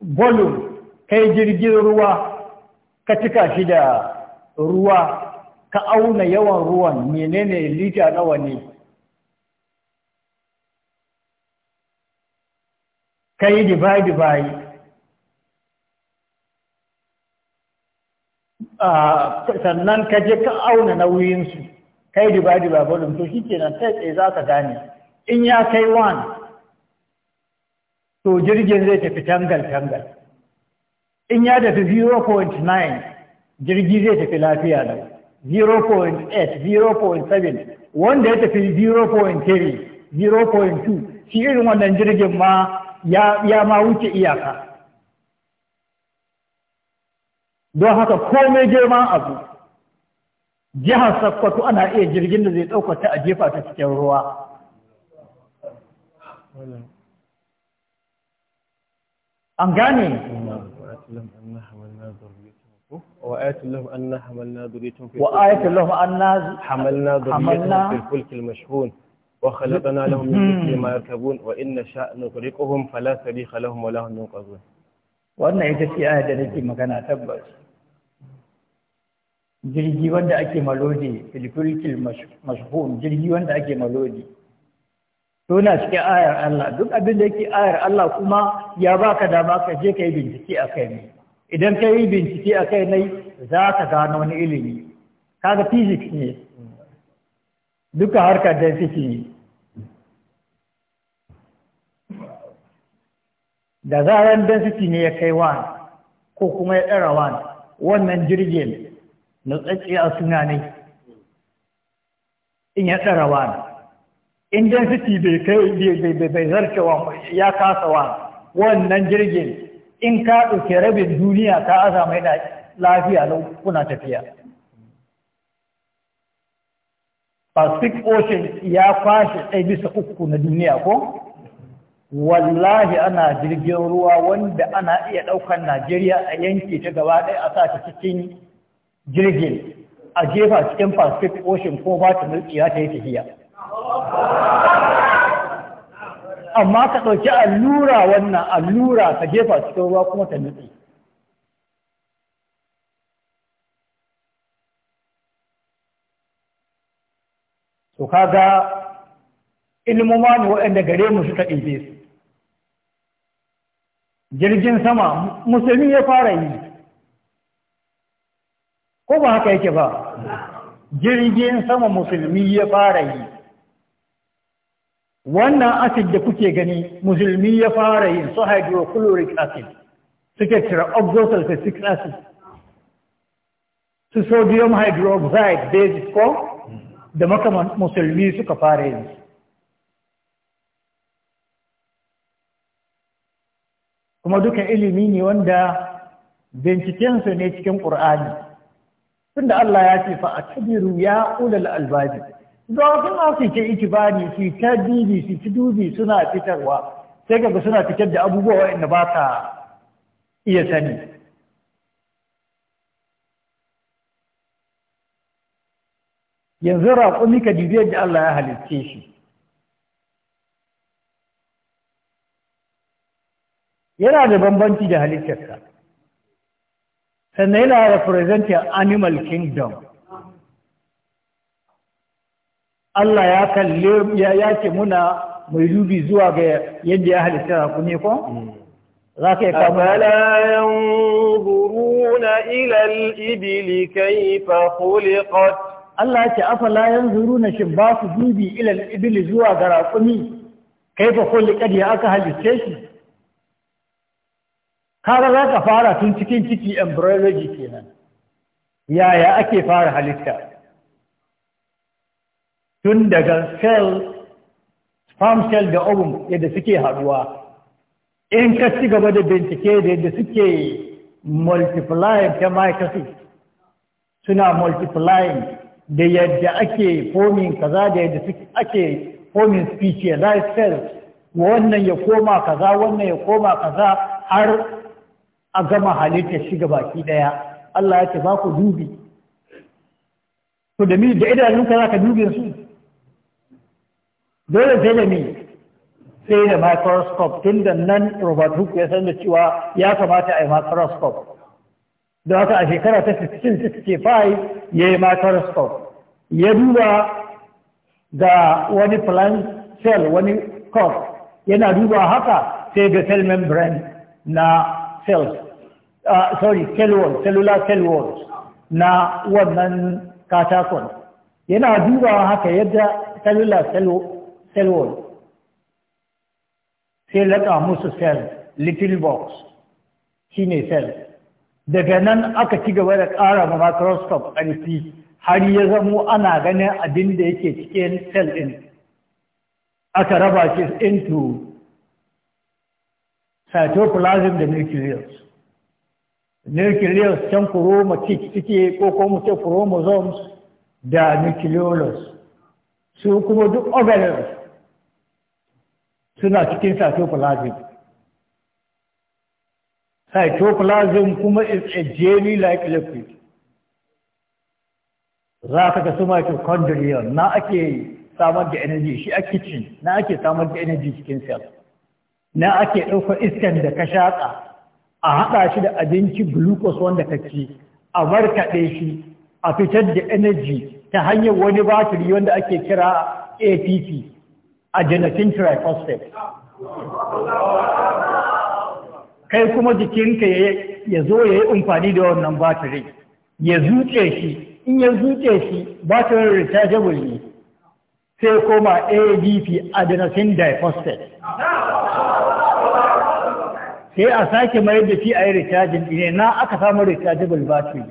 volume kai jirgin ruwa ka cika shi da ruwa ka auna yawan ruwan menene lita nawa ne ka yi dibai-dibai sannan ka je ka auna nauyinsu ka yi divide by volume to shi kenan kai tsaye za ka gane in ya kai 1 to jirgin zai tafi tangal-tangal in ya tafi 0.9 jirgi zai tafi lafiya da 0.8 0.7 wanda ya tafi 0.3 0.2 shi irin wannan jirgin ma ya ma wuce iyaka don haka komai girman abu jihar sakkwato ana iya jirgin da zai ɗaukata a jefa ta cikin ruwa an gane وآية لهم أنا حملنا ذريتهم في الفلك المشحون وخلقنا لهم من مثل ما يركبون وإن نشاء نغرقهم فلا صريخ لهم ولا هم ينقذون wannan ita ce aya da nake magana tabbas jirgi wanda ake malodi filfilkil mashhum jirgi wanda ake malodi to na cikin ayar Allah duk abin da yake ayar Allah kuma ya baka dama ka je ka yi bincike a kai ne idan ka yi bincike a kai ne za ka gano wani ilimi kaga physics ne duka harkar da suke yi da zarar density ne ya kai wa ko kuma ya ɗara wa wannan jirgin a suna ne in ya ɗara wa in density bai kai bai zarce wa ya kasa wa wannan jirgin in ka ɗauke rabin duniya ka aza mai lafiya lau kuna tafiya pacific ocean ya kwashe ɗaya bisa uku na duniya ko wallahi ana jirgin ruwa wanda ana iya ɗaukar najeriya a yanki ta gaba ɗaya a sa ta cikin jirgin a jefa cikin pacific ocean ko ba ta mulkiya ta yi tafiya amma ka ɗauki allura wannan allura ka jefa cikin ruwa kuma ta nutse to kaga ilmuma ne waɗanda gare mu suka ɗebe su jirgin sama musulmi ya fara yi ko ba haka yake ba jirgin sama musulmi ya fara yi wannan acid da kuke gani musulmi ya fara yin su hydrochloric acid suke cire trioxosulfuric acid su sodium hydroxide basis ko da makaman musulmi suka fara yi kuma duka ilimi ne wanda bincikensu ne cikin ƙur'ani tunda Allah ya ce fa a tabiru ya ƙulal albabi zuwa sun su ke ne su ta dubi su ci dubi suna fitarwa sai gaba suna fitar da abubuwa wanda ba ta iya sani yanzu raƙumi ka dubi yadda Allah ya halicce shi yana da bambanci da halittarsa sannan yana representing animal kingdom Allah ya kalle ya yake muna mai dubi zuwa ga yadda ya halitta raƙumi ko? Hmm. Za ka yi kama. Fala ilal ibili kai fa kuli kot. Allah ya ce afala yanzuruna shin ba su dubi ilal ibli zuwa ga raƙumi kaifa kulliqad ya aka halice shi kaga za ka fara tun cikin ciki embryology kenan yaya ake fara halitta tun daga cell sperm cell da ovum yadda suke haduwa in ka ci gaba da bincike da yadda suke multiplying ta mitosis suna multiplying da yadda ake fomin kaza da yadda ake fomin speech ya lifestyle wannan ya koma kaza wannan ya koma kaza har a gama halitta shiga baki daya Allah ya ce ba ku dubi to da mi da idan ka zaka dubi su dole sai da mi sai da microscope tun da nan robot hook ya san da cewa ya kamata a yi microscope da haka a shekara ta 1665 ya yi microscope ya duba ga wani plant cell wani cork yana duba haka sai ga cell membrane na cells uh, sorry cell wall cellular cell walls na wannan katakon yana duba haka yadda cellular cell wall sai laƙa musu cell little box shine cell daga nan aka ci gaba da ƙara ma microscope ƙarfi har ya zamo ana ganin abin da yake cikin cell ɗin aka raba shi into cytoplasm da nucleus nucleus can kuroma suke ko ko kuma ce chromosomes da nucleolus su kuma duk organelles suna cikin cytoplasm cytoplasm kuma is a jelly-like liquid za ka ga su mitochondria na ake samar da energy shi a kitchen na ake samar da energy cikin cell na ake dauka iskan da ka shaƙa a haɗa shi da abinci glucose wanda ka ci a markaɗe shi a fitar da energy ta hanyar wani batiri wanda ake kira ATP a genetic triphosphate kai kuma jikinka ya zo ya yi amfani da wannan batiri ya zuce shi in ya zuce shi batirin rechargeable ne sai koma adp adenosine diphosphate sai a sake mai da shi a yi recharging ne na aka samu rechargeable battery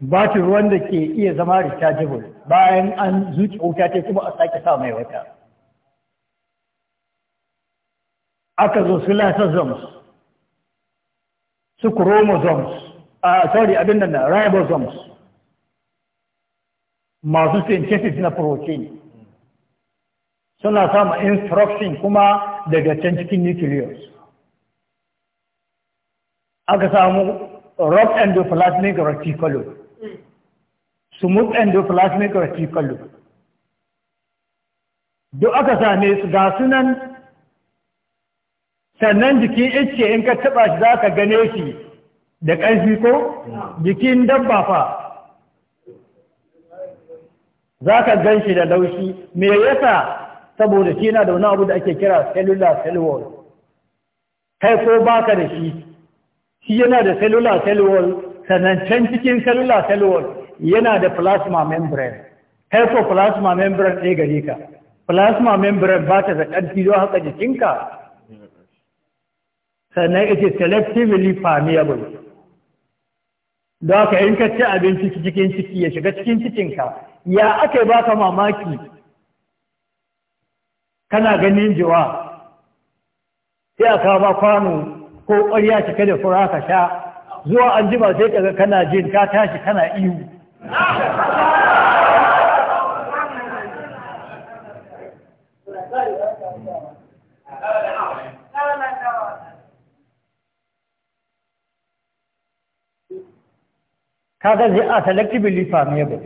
batir wanda ke iya zama rechargeable bayan an zuce wuta ce kuma a sake sa mai wata aka zo su lysosomes su chromosomes a sorry abin nan ribosomes masu synthesis na protein suna samun instruction kuma daga can cikin nucleus aka samu rock endoplasmic reticulum smooth endoplasmic reticulum duk aka same su ga sunan sannan jikin ice in ka taba shi za ka gane shi da ƙarfi ko jikin dabba fa za ka gan shi da laushi me yasa saboda shi yana da wani abu da ake kira cellular cell wall kai ko baka da shi shi yana da cellular cell wall sannan can cikin cellular cell wall yana da plasma membrane kai ko plasma membrane ɗaya gare ka plasma membrane ba ta da ƙarfi don haka jikinka sannan it is selectively permeable da in ka ci abinci cikin ciki ya shiga cikin cikinka ya aka ba ka mamaki kana ganin jiwa sai a kawo kwano ko ƙwarya cike da fura ka sha zuwa an ji ba sai kaga kana jin ka tashi kana ihu kaga zai a selectively permeable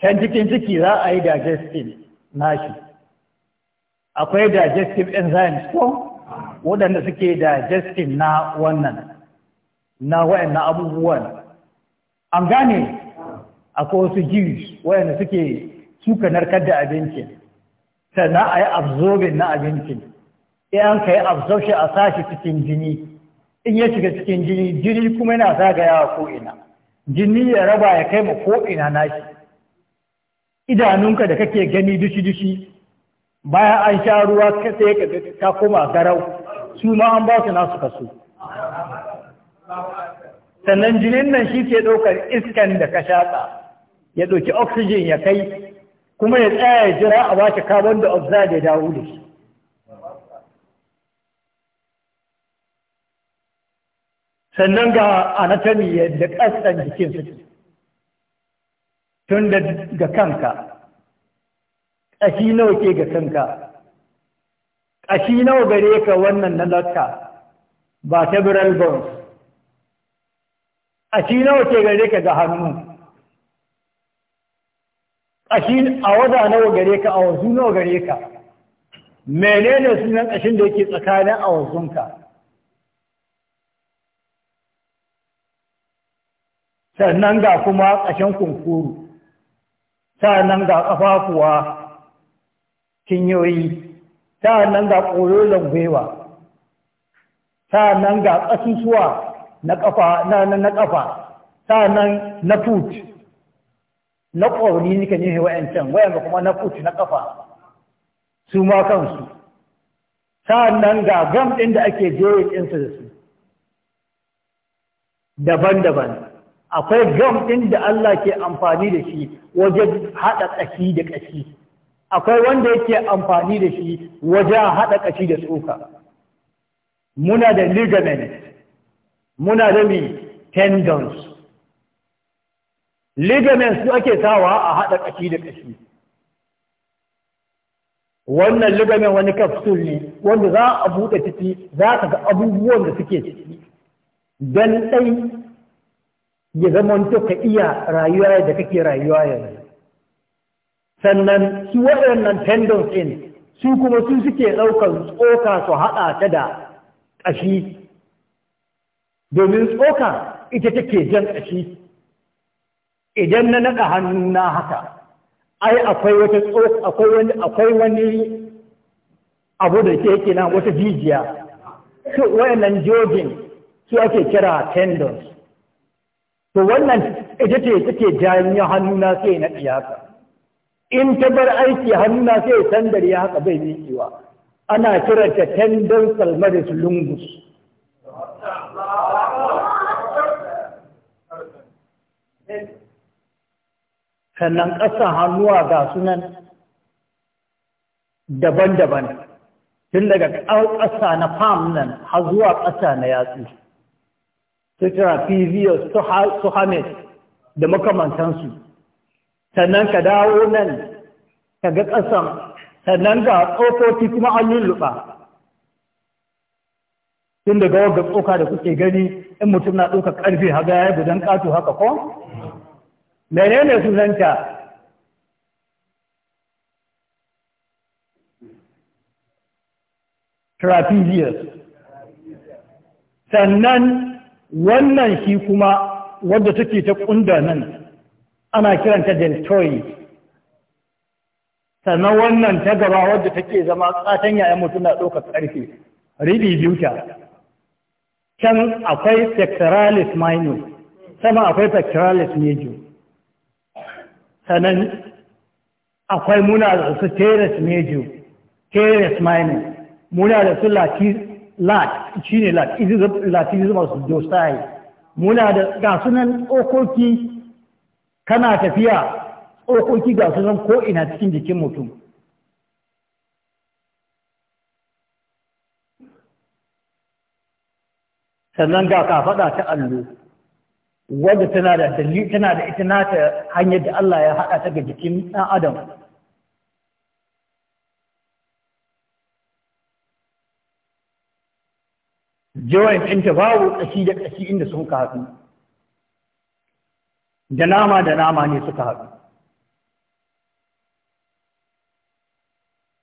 can cikin ciki za a yi digestive nashi akwai digestive enzymes ko waɗanda suke digestive na wannan na na abubuwan an gane akwai wasu juice waɗanda suke suka narkar da abincin sannan a yi absorbing na abincin in ka yi absorption a sashi cikin jini in ya shiga cikin jini jini kuma yana zagayawa ko'ina, jini ya raba ya kai ma ko'ina nashi idanunka da kake gani dushi dushi bayan an sha ruwa sai ka ta koma garau su ma an ba su nasu kaso sannan jinin nan shi ke ɗaukar iskan da ka shaƙa ya ɗauki oxygen ya kai kuma ya tsaya ya jira a bashi carbon dioxide ya dawo da shi sannan ga anatomy yadda ƙasar jikin su tun da ga kanka ƙashi nawa ke ga kanka ƙashi nawa gare ka wannan na latta ba tabiral bones ƙashi nawa ke gare ka ga hannu ƙashi a wada nawa gare ka a wasu nawa gare ka menene sunan ƙashin da yake tsakanin a wasunka sannan ga kuma ƙashen kunkuru sannan ga ƙafafuwa kinyoyi sannan ga ƙoro gwiwa sannan ga ƙasusuwa na ƙafa na ƙafa sannan na fut na ƙorni nika ne wa'yancan wa'yanga kuma na fut na ƙafa su ma kansu sannan ga gam ɗin da ake jerin ɗinsu da su daban-daban akwai gam ɗin da Allah ke amfani da shi wajen haɗa ƙashi da ƙashi akwai wanda yake amfani da shi wajen haɗa ƙashi da tsoka muna da ligament muna da mi tendons Ligament su ake sawa a haɗa ƙashi da ƙashi wannan ligament wani capsule ne wanda za a buɗe ciki za ka ga abubuwan da suke ciki don ɗai ya zama ka iya rayuwa da kake rayuwa yanzu sannan su waɗannan tendons ɗin su kuma su suke ɗaukar tsoka su haɗa ta da ƙashi domin tsoka ita take jan ƙashi idan na naɗa hannu na haka ai akwai wata tsoka akwai wani abu da ke kenan wata jijiya su waɗannan jogin su ake kira tendons to wannan ita ce take janyo hannuna sai na ɗiyaka in ta bar aiki hannuna sai sandar ya haka bai mikiwa. ana kiranta tendon salmaris lungus sannan ƙasan hannuwa ga sunan daban-daban tun daga ƙasa na fam nan har zuwa ƙasa na yatsu su trapezius su hamis da makamantansu sannan ka dawo nan ka ga ƙasan sannan ga tsokoki kuma an yi lulluɓa tun daga wagga tsoka da kuke gani in mutum na ɗauka ƙarfe haga ya yi gudan ƙato haka ko? menene sunanta trapezius sannan wannan shi kuma wadda take ta kunda nan ana kiranta deltoid sannan wannan ta gaba wadda take zama tsatan yayan mutum na ɗaukar ƙarfe ribi biyu ta can akwai pectoralis minor sama akwai pectoralis major sannan akwai muna da su teres major teres minor muna da su latin lat shi ne lat latinism of dostai muna da ga sunan kana tafiya tsokoki ga sunan ko ina cikin jikin mutum sannan ga kafaɗa ta allo wanda tana da tana da ita hanyar da Allah ya haɗa ta ga jikin ɗan adam joint ɗinta babu ƙashi da ƙashi inda sun ka haɗu da nama da nama ne suka haɗu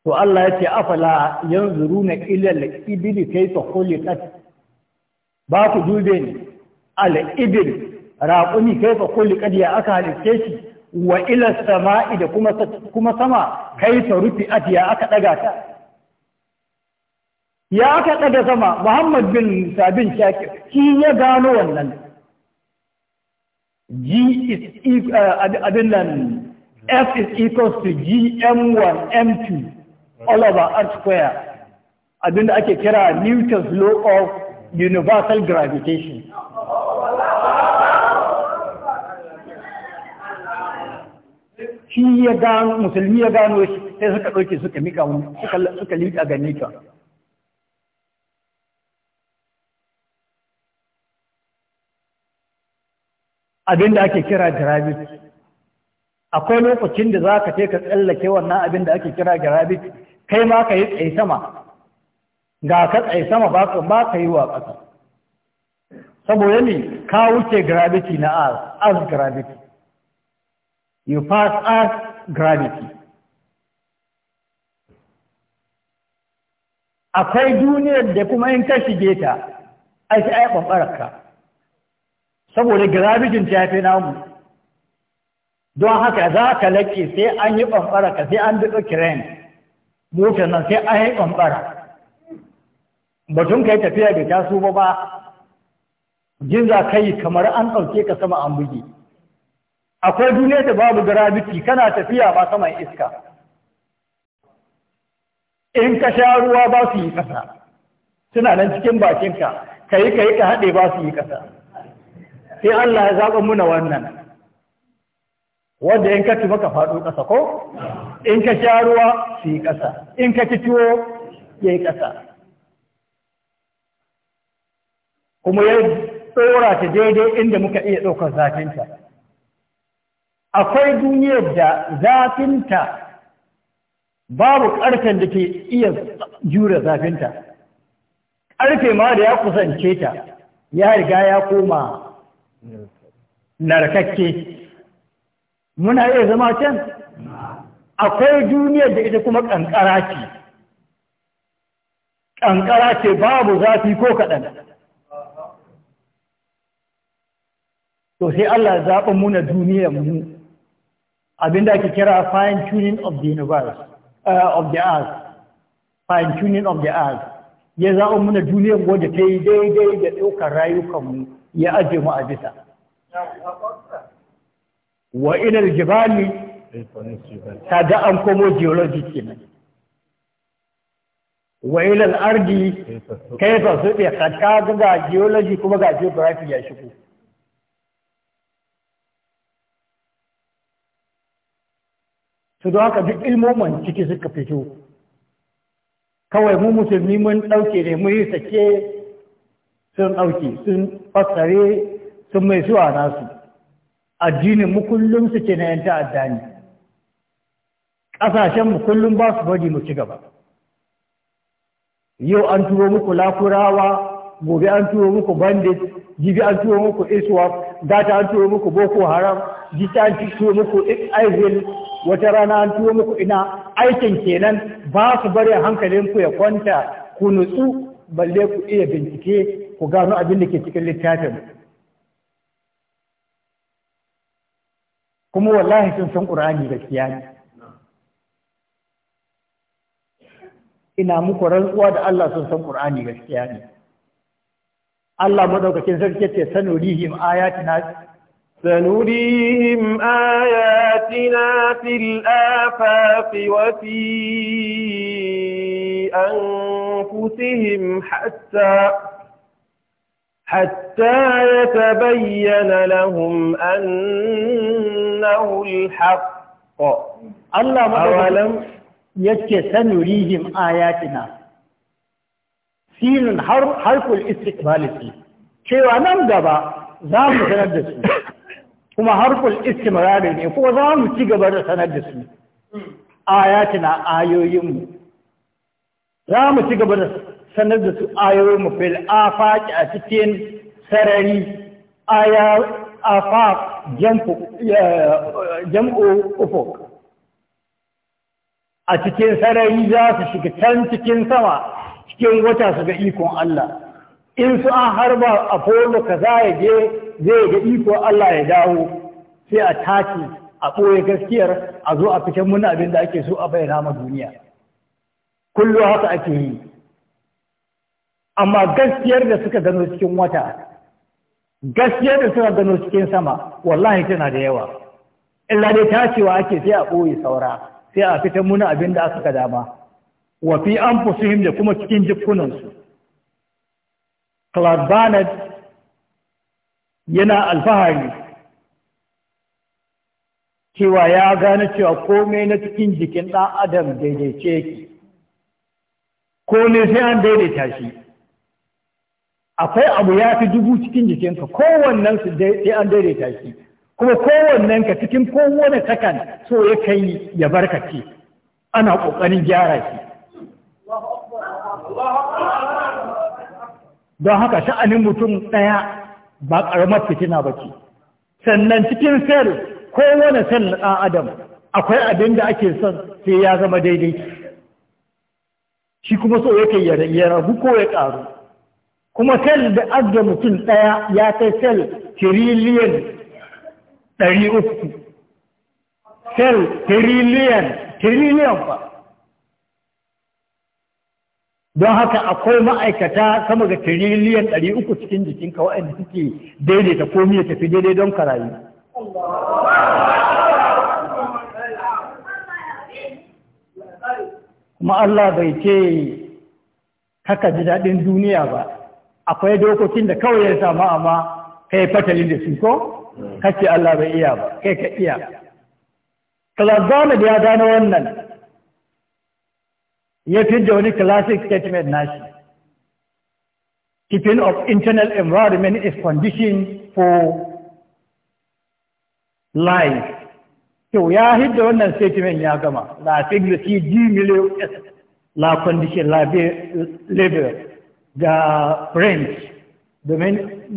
to Allah ya ce afala yanzuruna ilal kai ta khuliqat ba ku dube ne al-ibil raƙumi ta khuliqat ya aka halice shi wa ila sama'i da kuma sama Kai kaifa rufi ya aka daga ta ya aka da sama Muhammad bin Sabin Shakir shi ya gano wannan G is uh, abin nan F is equal to GM1 M2 all over R square abinda ake kira Newton's law of universal gravitation shi ya gano musulmi ya gano shi sai suka ɗauke suka mika suka liƙa ga Newton abin da ake kira gravity akwai lokacin da za ka ce ka tsallake wannan abin da ake kira gravity kai ma ka yi tsaye sama ga ka tsaye sama ba ka yi wa ƙasa saboda ne ka wuce gravity na as as gravity you pass as gravity akwai duniyar da kuma in ka shige ta ai sai ai ka saboda girabijin ta fi namu don haka za ka laƙe sai an yi ɓanɓara ka sai an duka kiran motar nan sai an yi ɓanɓara batun ka yi tafiya da taso ba ba jin za ka yi kamar an ɗauke ka sama an buge akwai duniya da babu girabiki kana tafiya ba sama iska in ka sha ruwa ba su yi ƙasa suna nan cikin bakinka ka yi ka yi ka haɗe ba su yi ƙasa sai Allah ya zaɓa muna wannan wanda in ka ci maka faɗo ƙasa ko in ka sha ruwa su yi ƙasa in ka ci tuwo ya yi ƙasa kuma ya tsora ta daidai inda muka iya ɗaukar zafinta akwai duniyar da zafinta babu ƙarfen da ke iya jure zafinta ƙarfe ma da ya kusance ta ya riga ya koma narkakke muna iya zama can akwai duniyar da ita kuma ƙanƙara ce ƙanƙara ce babu zafi ko kaɗan to sai Allah zaɓa muna duniyar mu abinda ake kira fine tuning of the universe uh, of the earth fine tuning of the earth ya zaɓa muna duniyar wadda ta yi daidai da ɗaukar rayukanmu ya aje mu a bisa wa ilal jibali ta da an komo geology nan, wa ilal ardi ba su bi ka ga geology kuma ga geography ya shigo su don haka duk ilmoman ciki suka fito kawai mu musulmi mun ɗauke ne mun yi sake sun ɗauki sun fassare sun mai suwa nasu addinin mu kullum su suke na 'yan ta'adda ne ƙasashen mu kullum ba su bari mu ci gaba yau an turo muku lakurawa gobe an turo muku bandit jibi an turo muku iswa data an turo muku boko haram jita an turo muku isil wata rana an turo muku ina aikin kenan ba su bari hankalinku ya kwanta ku nutsu balle ku iya bincike ku gano abin da ke cikin littafin kuma wallahi sun san ƙur'ani gaskiya ne ina muku rantsuwa da Allah sun san ƙur'ani gaskiya ne Allah madaukakin sarki ce sanurihim ayatina سنريهم آياتنا في الآفاق وفي أنفسهم حتى حتى يتبين لهم أنه الحق الله أولم يجك سنريهم آياتنا سين حرف الاستقبال شيء ونمدب ذا مثلا دسوه kuma harful istimrari ne kuma za mu ci gaba da sanar da su ayatina ayoyinmu za mu ci gaba da sanar da su mu fil afaq a cikin sarari aya afaq jam'u ufuk a cikin sarari za su shiga can cikin sama cikin wata su ga ikon Allah in su an harba a ka kaza ya je zai ga iko Allah ya dawo sai a tashi a ɓoye gaskiyar a zo a fitan muna abin da ake so a bayyana ma duniya kullum haka ake yi amma gaskiyar da suka gano cikin wata gaskiyar da suka gano cikin sama wallahi tana da yawa illa dai tacewa ake sai a ɓoye saura sai a fitan muna abin da aka ga dama wa fi anfusihim da kuma cikin jikunansu Claude Barnett yana alfahari cewa ya gane cewa komai na cikin jikin ɗan adam daidaice yake ko ne sai an daidaita shi akwai abu ya fi dubu cikin jikinka kowannen su sai an daidaita shi kuma kowannen ka cikin kowane takan so ya kai ya barkace ana ƙoƙarin gyara shi don haka sha'anin mutum ɗaya ba ƙaramar fitina ba ce sannan cikin sel kowane sel na ɗan adam akwai abin da ake son sai ya zama daidai shi kuma so yake ya yarabu ko ya ƙaru kuma sel da adda mutum ɗaya ya kai sel tiriliyan ɗari uku sel tiriliyan tiriliyan ba don haka akwai ma'aikata kama ga tiriliyan ɗari uku cikin jikin ka waɗanda suke daidaita komi ya tafi daidai don ka rayu kuma Allah bai ce kaka ji daɗin duniya ba akwai dokokin da kawai ya samu amma kai fatalin da su ko kace Allah bai iya ba kai ka iya kalazana da ya gano wannan ya da wani classic statement nashi keeping of internal environment is condition for life to ya hidda wannan statement ya gama la figure ci d la condition la labor french domin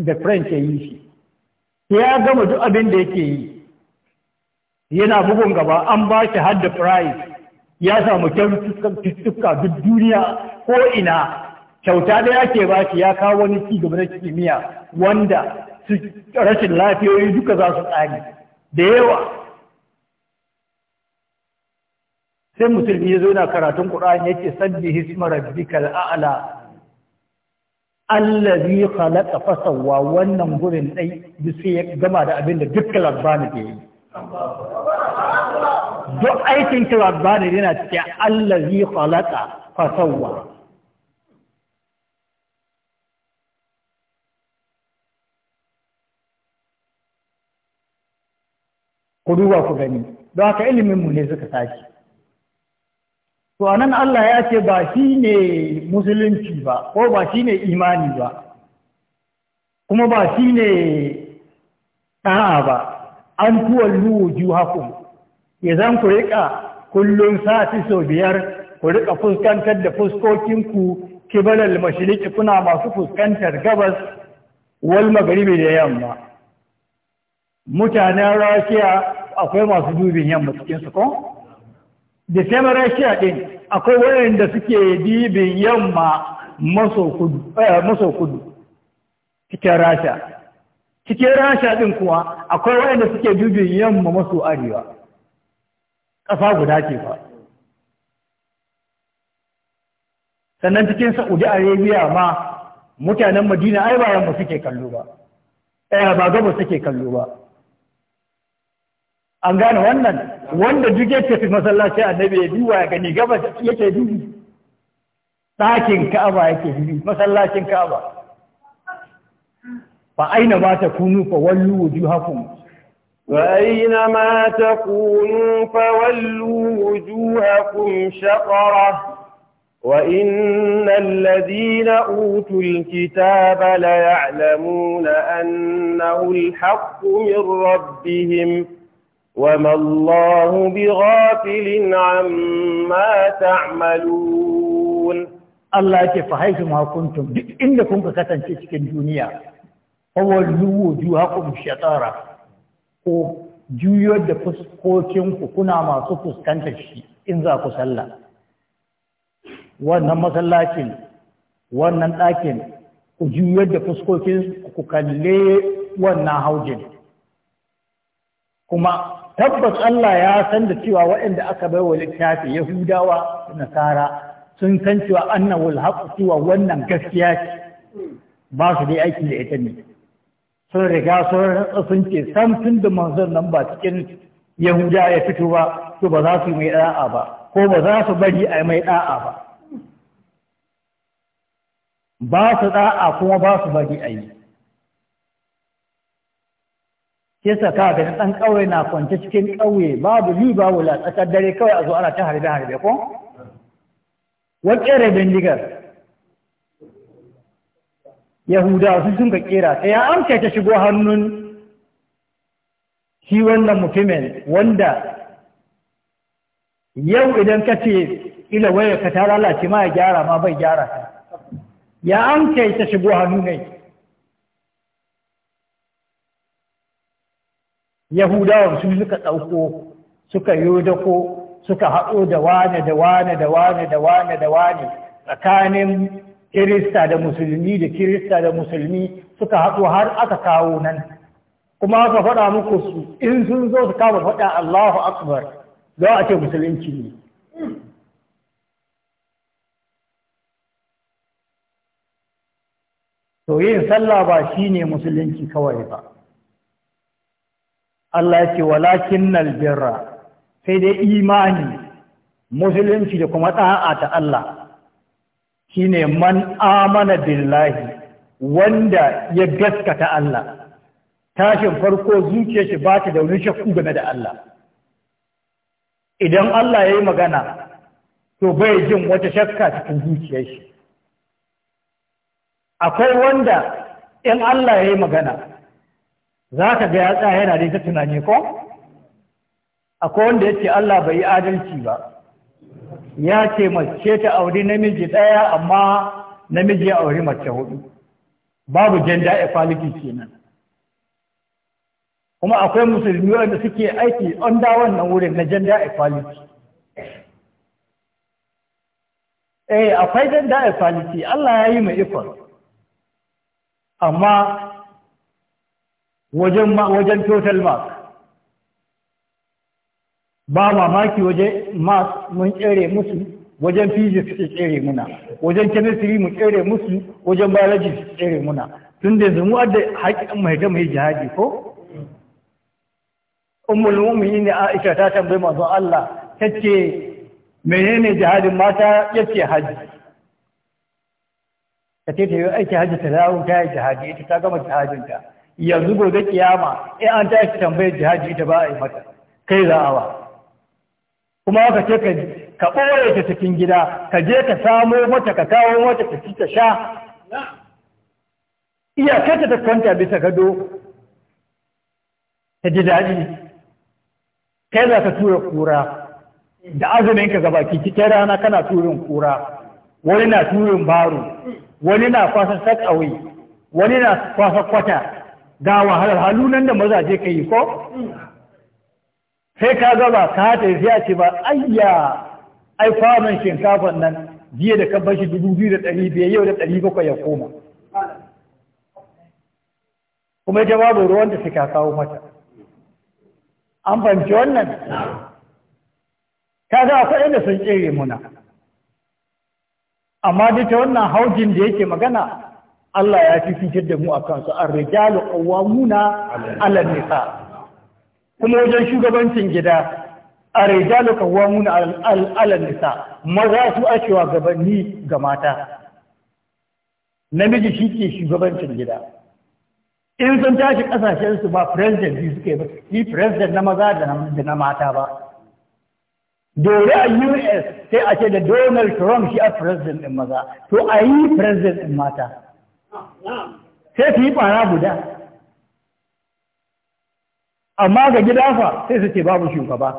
da french ya yi shi ya gama duk abin da yake yi yana bugun gaba an ba shi da price ya samu kyaututtuka duk duniya ko ina kyauta dai ake ba shi ya kawo wani ci gaba na kimiyya wanda rashin lafiyoyi duka za su tsari da yawa sai musulmi ya zo na karatun ƙura'an yake sabbi hisma rabbikal a'la allazi khalaqa fasawa wannan gurin dai duk sai ya gama da abin da dukkan rabbani ke yi duk aikin kira ba da yana cikin Allah zai kwalata ku Kuduwa ku gani don haka iliminmu ne suka tashi to a nan Allah ya ce ba shi ne musulunci ba ko ba shi ne imani ba kuma ba shi ne ɗa'a ba an tuwallu wujuhakum idan ku riƙa kullum sati sau biyar ku riƙa fuskantar da fuskokinku kibalar mashiriki kuna masu fuskantar gabas wal magaribi da yamma mutanen rashiya akwai masu dubin yamma cikinsu ko? da sai rashiya ɗin akwai waɗanda suke dibin yamma maso kudu eh, cikin rasha cikin rasha ɗin kuwa akwai waɗanda suke dubin yamma maso arewa ƙafa guda ke ba sannan cikin saudi arabia ma mutanen madina ai ba suke kallo ba eh ba gaba suke kallo ba an gane wannan wanda duk yake fi masallaci annabi ya duba ya gani gaba yake dubi ɗakin ka'aba yake dubi masallacin ka'aba fa aina ba ta kunu fa wallu wujuhakum فأينما تكونوا فولوا وجوهكم شطرة وإن الذين أوتوا الكتاب ليعلمون أنه الحق من ربهم وما الله بغافل عما تعملون الله يكفى ما كنتم إنكم بكتن في الدنيا فولوا وجوهكم شطارة ko juyar da fuskokinku kuna masu fuskantar shi in za ku sallah wannan masallacin wannan ɗakin ku juyar da fuskokin ku kalle wannan haujin kuma tabbas Allah ya san da cewa waɗanda aka bai wa littafi Yahudawa da Nasara sun san cewa annawul haqq cewa wannan gaskiya ce ba su dai aiki da ita ne sun riga sun sun ce san tun da manzon nan ba cikin yahuda ya fito ba to ba za su mai da'a ba ko ba za su bari a mai da'a ba ba su da'a kuma ba su bari a yi Ke saka ga ɗan ƙauye na kwance cikin ƙauye babu yi ba wula tsakar dare kawai a zo ana ta harbe harbe ko wacce rabin digar yahudawa sun sun ka kera ta ya amsa ta shigo hannun shi wannan mutumin wanda yau idan ka ce ila waya ka ta lalace ma ya gyara ma bai gyara ta ya amsa ta shigo hannu ne Yahudawa sun suka ɗauko suka yi dako suka haɗo da wane da wane da wane da wane da wane tsakanin kirista da musulmi da kirista da musulmi suka haɗu har aka kawo nan kuma aka faɗa muku su in sun zo su kama faɗa Allahu Akbar za a ce musulunci ne to yin sallah ba shine musulunci kawai ba Allah ya ce walakin Nalbirra, birra sai dai imani musulunci da kuma ɗa'a ta Allah shine man amana billahi wanda ya gaskata Allah tashin farko zuciya shi ba ta da wani shakku game da Allah idan Allah ya yi magana to bai jin wata shakka cikin zuciyar shi akwai wanda in Allah ya yi magana za ka ga ya tsaya yana da ita tunani ko akwai wanda ya ce Allah bai yi adalci ba ya ce mace ta auri namiji ɗaya amma namiji ya auri mace hudu babu gender equality kenan kuma akwai musulmi wanda suke aiki under wannan wurin na gender equality eh akwai gender equality Allah ya yi mai ikon amma wajen wajen total mark ba mamaki waje mas mun tsere musu wajen physics su tsere muna wajen chemistry mu tsere musu wajen biology su tsere muna tun da zumu mu adda haƙƙin mai ga mai jihadi ko ummul mu'minin Aisha ta tambaye manzon Allah tace menene jihadin mata yace haji tace ce ta yi aiki haji ta dawo ta yi jihadi ita ta gama jihadin ta yanzu gobe kiyama eh an tashi tambaye jihadi ita ba a yi mata kai za'awa kuma haka ce ka ka ɓoye ta cikin gida ka je ka samo mata ka kawo mata ka ci ta sha iyakar ta kwanta bisa gado ta ji daɗi kai za ka tura kura da azumin ka gaba ki kai rana kana turin kura wani na turin baro wani na kwasa sakawai wani na kwasa kwata ga wahalar halunan da mazaje ka yi ko sai ka gaba ka hata ya ce ba ayya ai kwanon shinkafan nan jiya da kan bashi dubu biyu da ɗari biyar yau da ɗari bakwai ya koma kuma ita babu ruwan da suka kawo mata an fahimci wannan ka ga akwai inda sun ƙere muna amma duk ta wannan haujin da yake magana Allah ya fi fitar da mu a kansu an rijalu qawwamuna ala nisa kuma wajen shugabancin gida a rijalu kawamun al'alar nisa maza su ake wa gabanni ga mata namiji shi ke shugabancin gida in sun tashi kasashensu ba president biyu suke ba yi president na maza da na mata ba dole a us sai a ce da donald trump shi a president din maza to a yi president din mata sai su yi bara guda amma ga gida fa sai su ce babu shugaba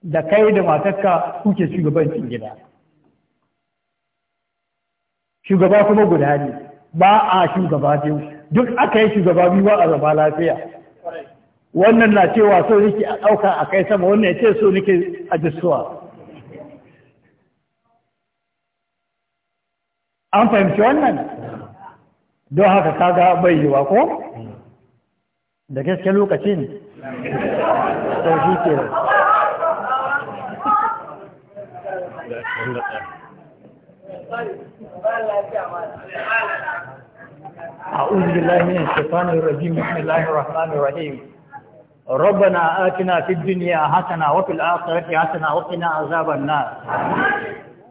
da kai da matarka kuke shugabancin gida shugaba kuma guda ne ba a shugaba biyu duk aka yi shugaba biyu a zama lafiya wannan na cewa so nake a ɗauka a kai sama wannan ya ce so nake a jisuwa an fahimci wannan don haka kaga bai yiwa ko da gaske lokacin sau shi ke أعوذ بالله من الشيطان الرجيم بسم الله الرحمن الرحيم ربنا آتنا في الدنيا حسنة وفي الآخرة حسنة وقنا عذاب النار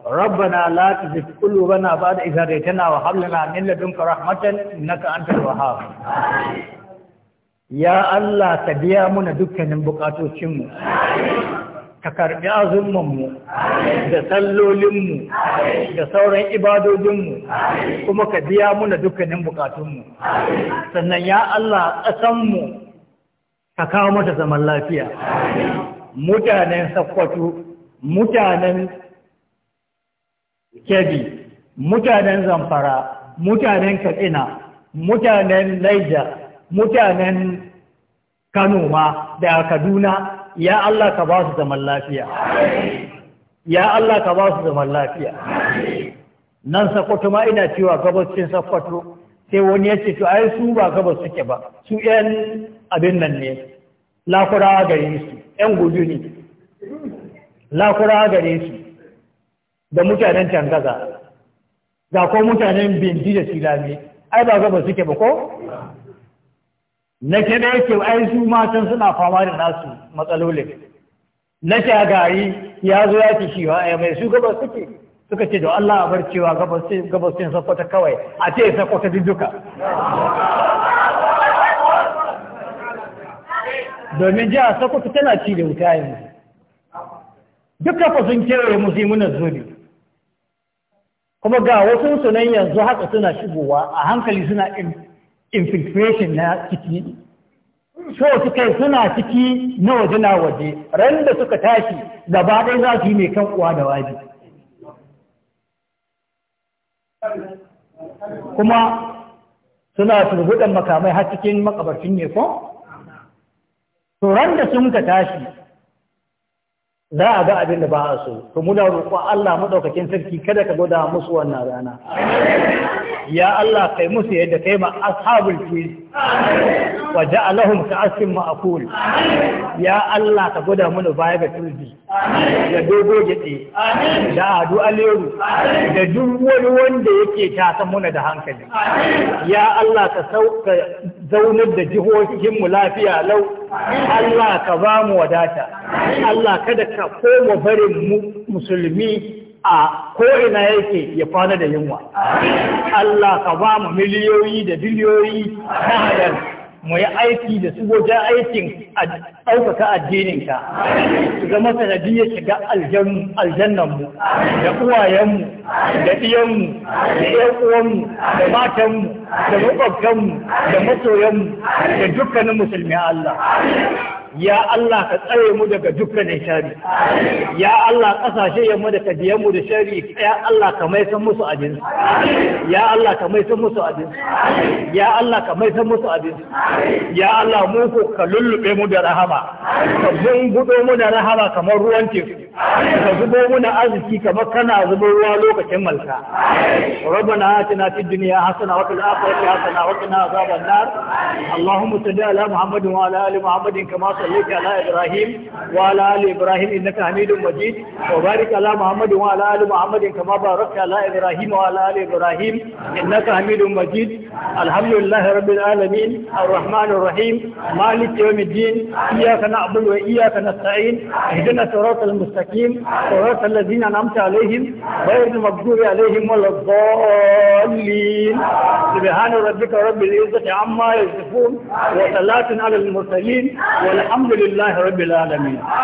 ربنا لا تزغ قلوبنا بعد إذ هديتنا وهب لنا من لدنك رحمة إنك أنت الوهاب ya Allah ka biya muna dukkanin bukatocinmu ka karbi azumanmu da sallolinmu da sauran ibadojinmu kuma ka biya muna dukkanin bukatunmu sannan ya Allah ƙasanmu ka kawo mata zaman lafiya mutanen sakkwato mutanen kebi mutanen zamfara mutanen katsina mutanen naija mutanen Kano ma da Kaduna ya Allah ka ba su zaman lafiya ya Allah ka ba su zaman lafiya nan Sokoto ma ina cewa gabacin Sokoto sai wani ya ce to ai su ba gabas suke ba su yan abin nan ne lakurawa gare su yan gudu ne lakurawa gare su da mutanen tangaza ga ko mutanen bindi da silami ai ba gabas suke ba ko na ke da yake ai su matan suna fama da nasu matsalolin na gari ya zo ya ci shiwa a mai su gabas suke suka ce da Allah a bar cewa gabas sun sakwata kawai a ce sakwata duka domin jiya, sakwata tana ci da wuta yanzu duka fa sun kewaye muna zobe kuma ga wasu sunan yanzu haka suna shigowa a hankali suna infiltration na ciki so suka yi suna ciki na waje na waje ran da suka tashi gaba ɗaya za su yi mai kan uwa da waje kuma suna turbuɗan makamai har cikin makabarcin ne ko? to ran da sun ka tashi za a ga abin da ba a so to muna roƙo Allah maɗaukakin sarki kada ka gwada musu wannan rana ya Allah kai musu yadda kai ma ashabul fil wa ja'alahum a ma'kul ya Allah ka gwada mana baya ga turbi Ya dogo gede da adu aleru da duk wani wanda yake ta san muna da hankali ya Allah ka sauka zaunar da jihohin mu lafiya lau Allah ka ba mu wadata Allah kada ka koma barin musulmi a ko'ina yake ya kwana da yunwa. Allah ka ba mu miliyoyi da biliyoyi na hadari. mu yi aiki da su wajen aikin a ɗaukaka addininka su zama ya shiga aljannanmu da uwayenmu da ɗiyanmu da ƴan da matanmu da maƙwabtanmu da masoyanmu da dukkanin musulmi Allah ya Allah ka tsare mu daga dukkanin shari ya Allah kasashe yamma da kadiyan mu da shari ya Allah ka mai san musu abin ya Allah ka mai san musu abin ya Allah ka mai san musu abin ya Allah mu ko ka lullube mu da rahama ka bungudo mu da rahama kamar ruwan teku ka zubo mu na arziki kamar kana zubo ruwa lokacin malka ربنا آتنا في الدنيا حسنة وفي الآخرة حسنة وقنا عذاب Allahumma اللهم صل على wa وعلى آل محمد كما صليت على إبراهيم وعلى آل إبراهيم إنك حميد مجيد وبارك على محمد وعلى آل محمد كما باركت على إبراهيم وعلى آل إبراهيم إنك حميد مجيد الحمد لله رب العالمين الرحمن الرحيم مالك يوم الدين إياك نعبد وإياك نستعين اهدنا الصراط المستقيم صراط الذين أنعمت عليهم غير المغضوب عليهم ولا الضالين سبحان ربك رب العزة عما يصفون وصلاة على المرسلين والحمد walhamdulillahi rabbil alamin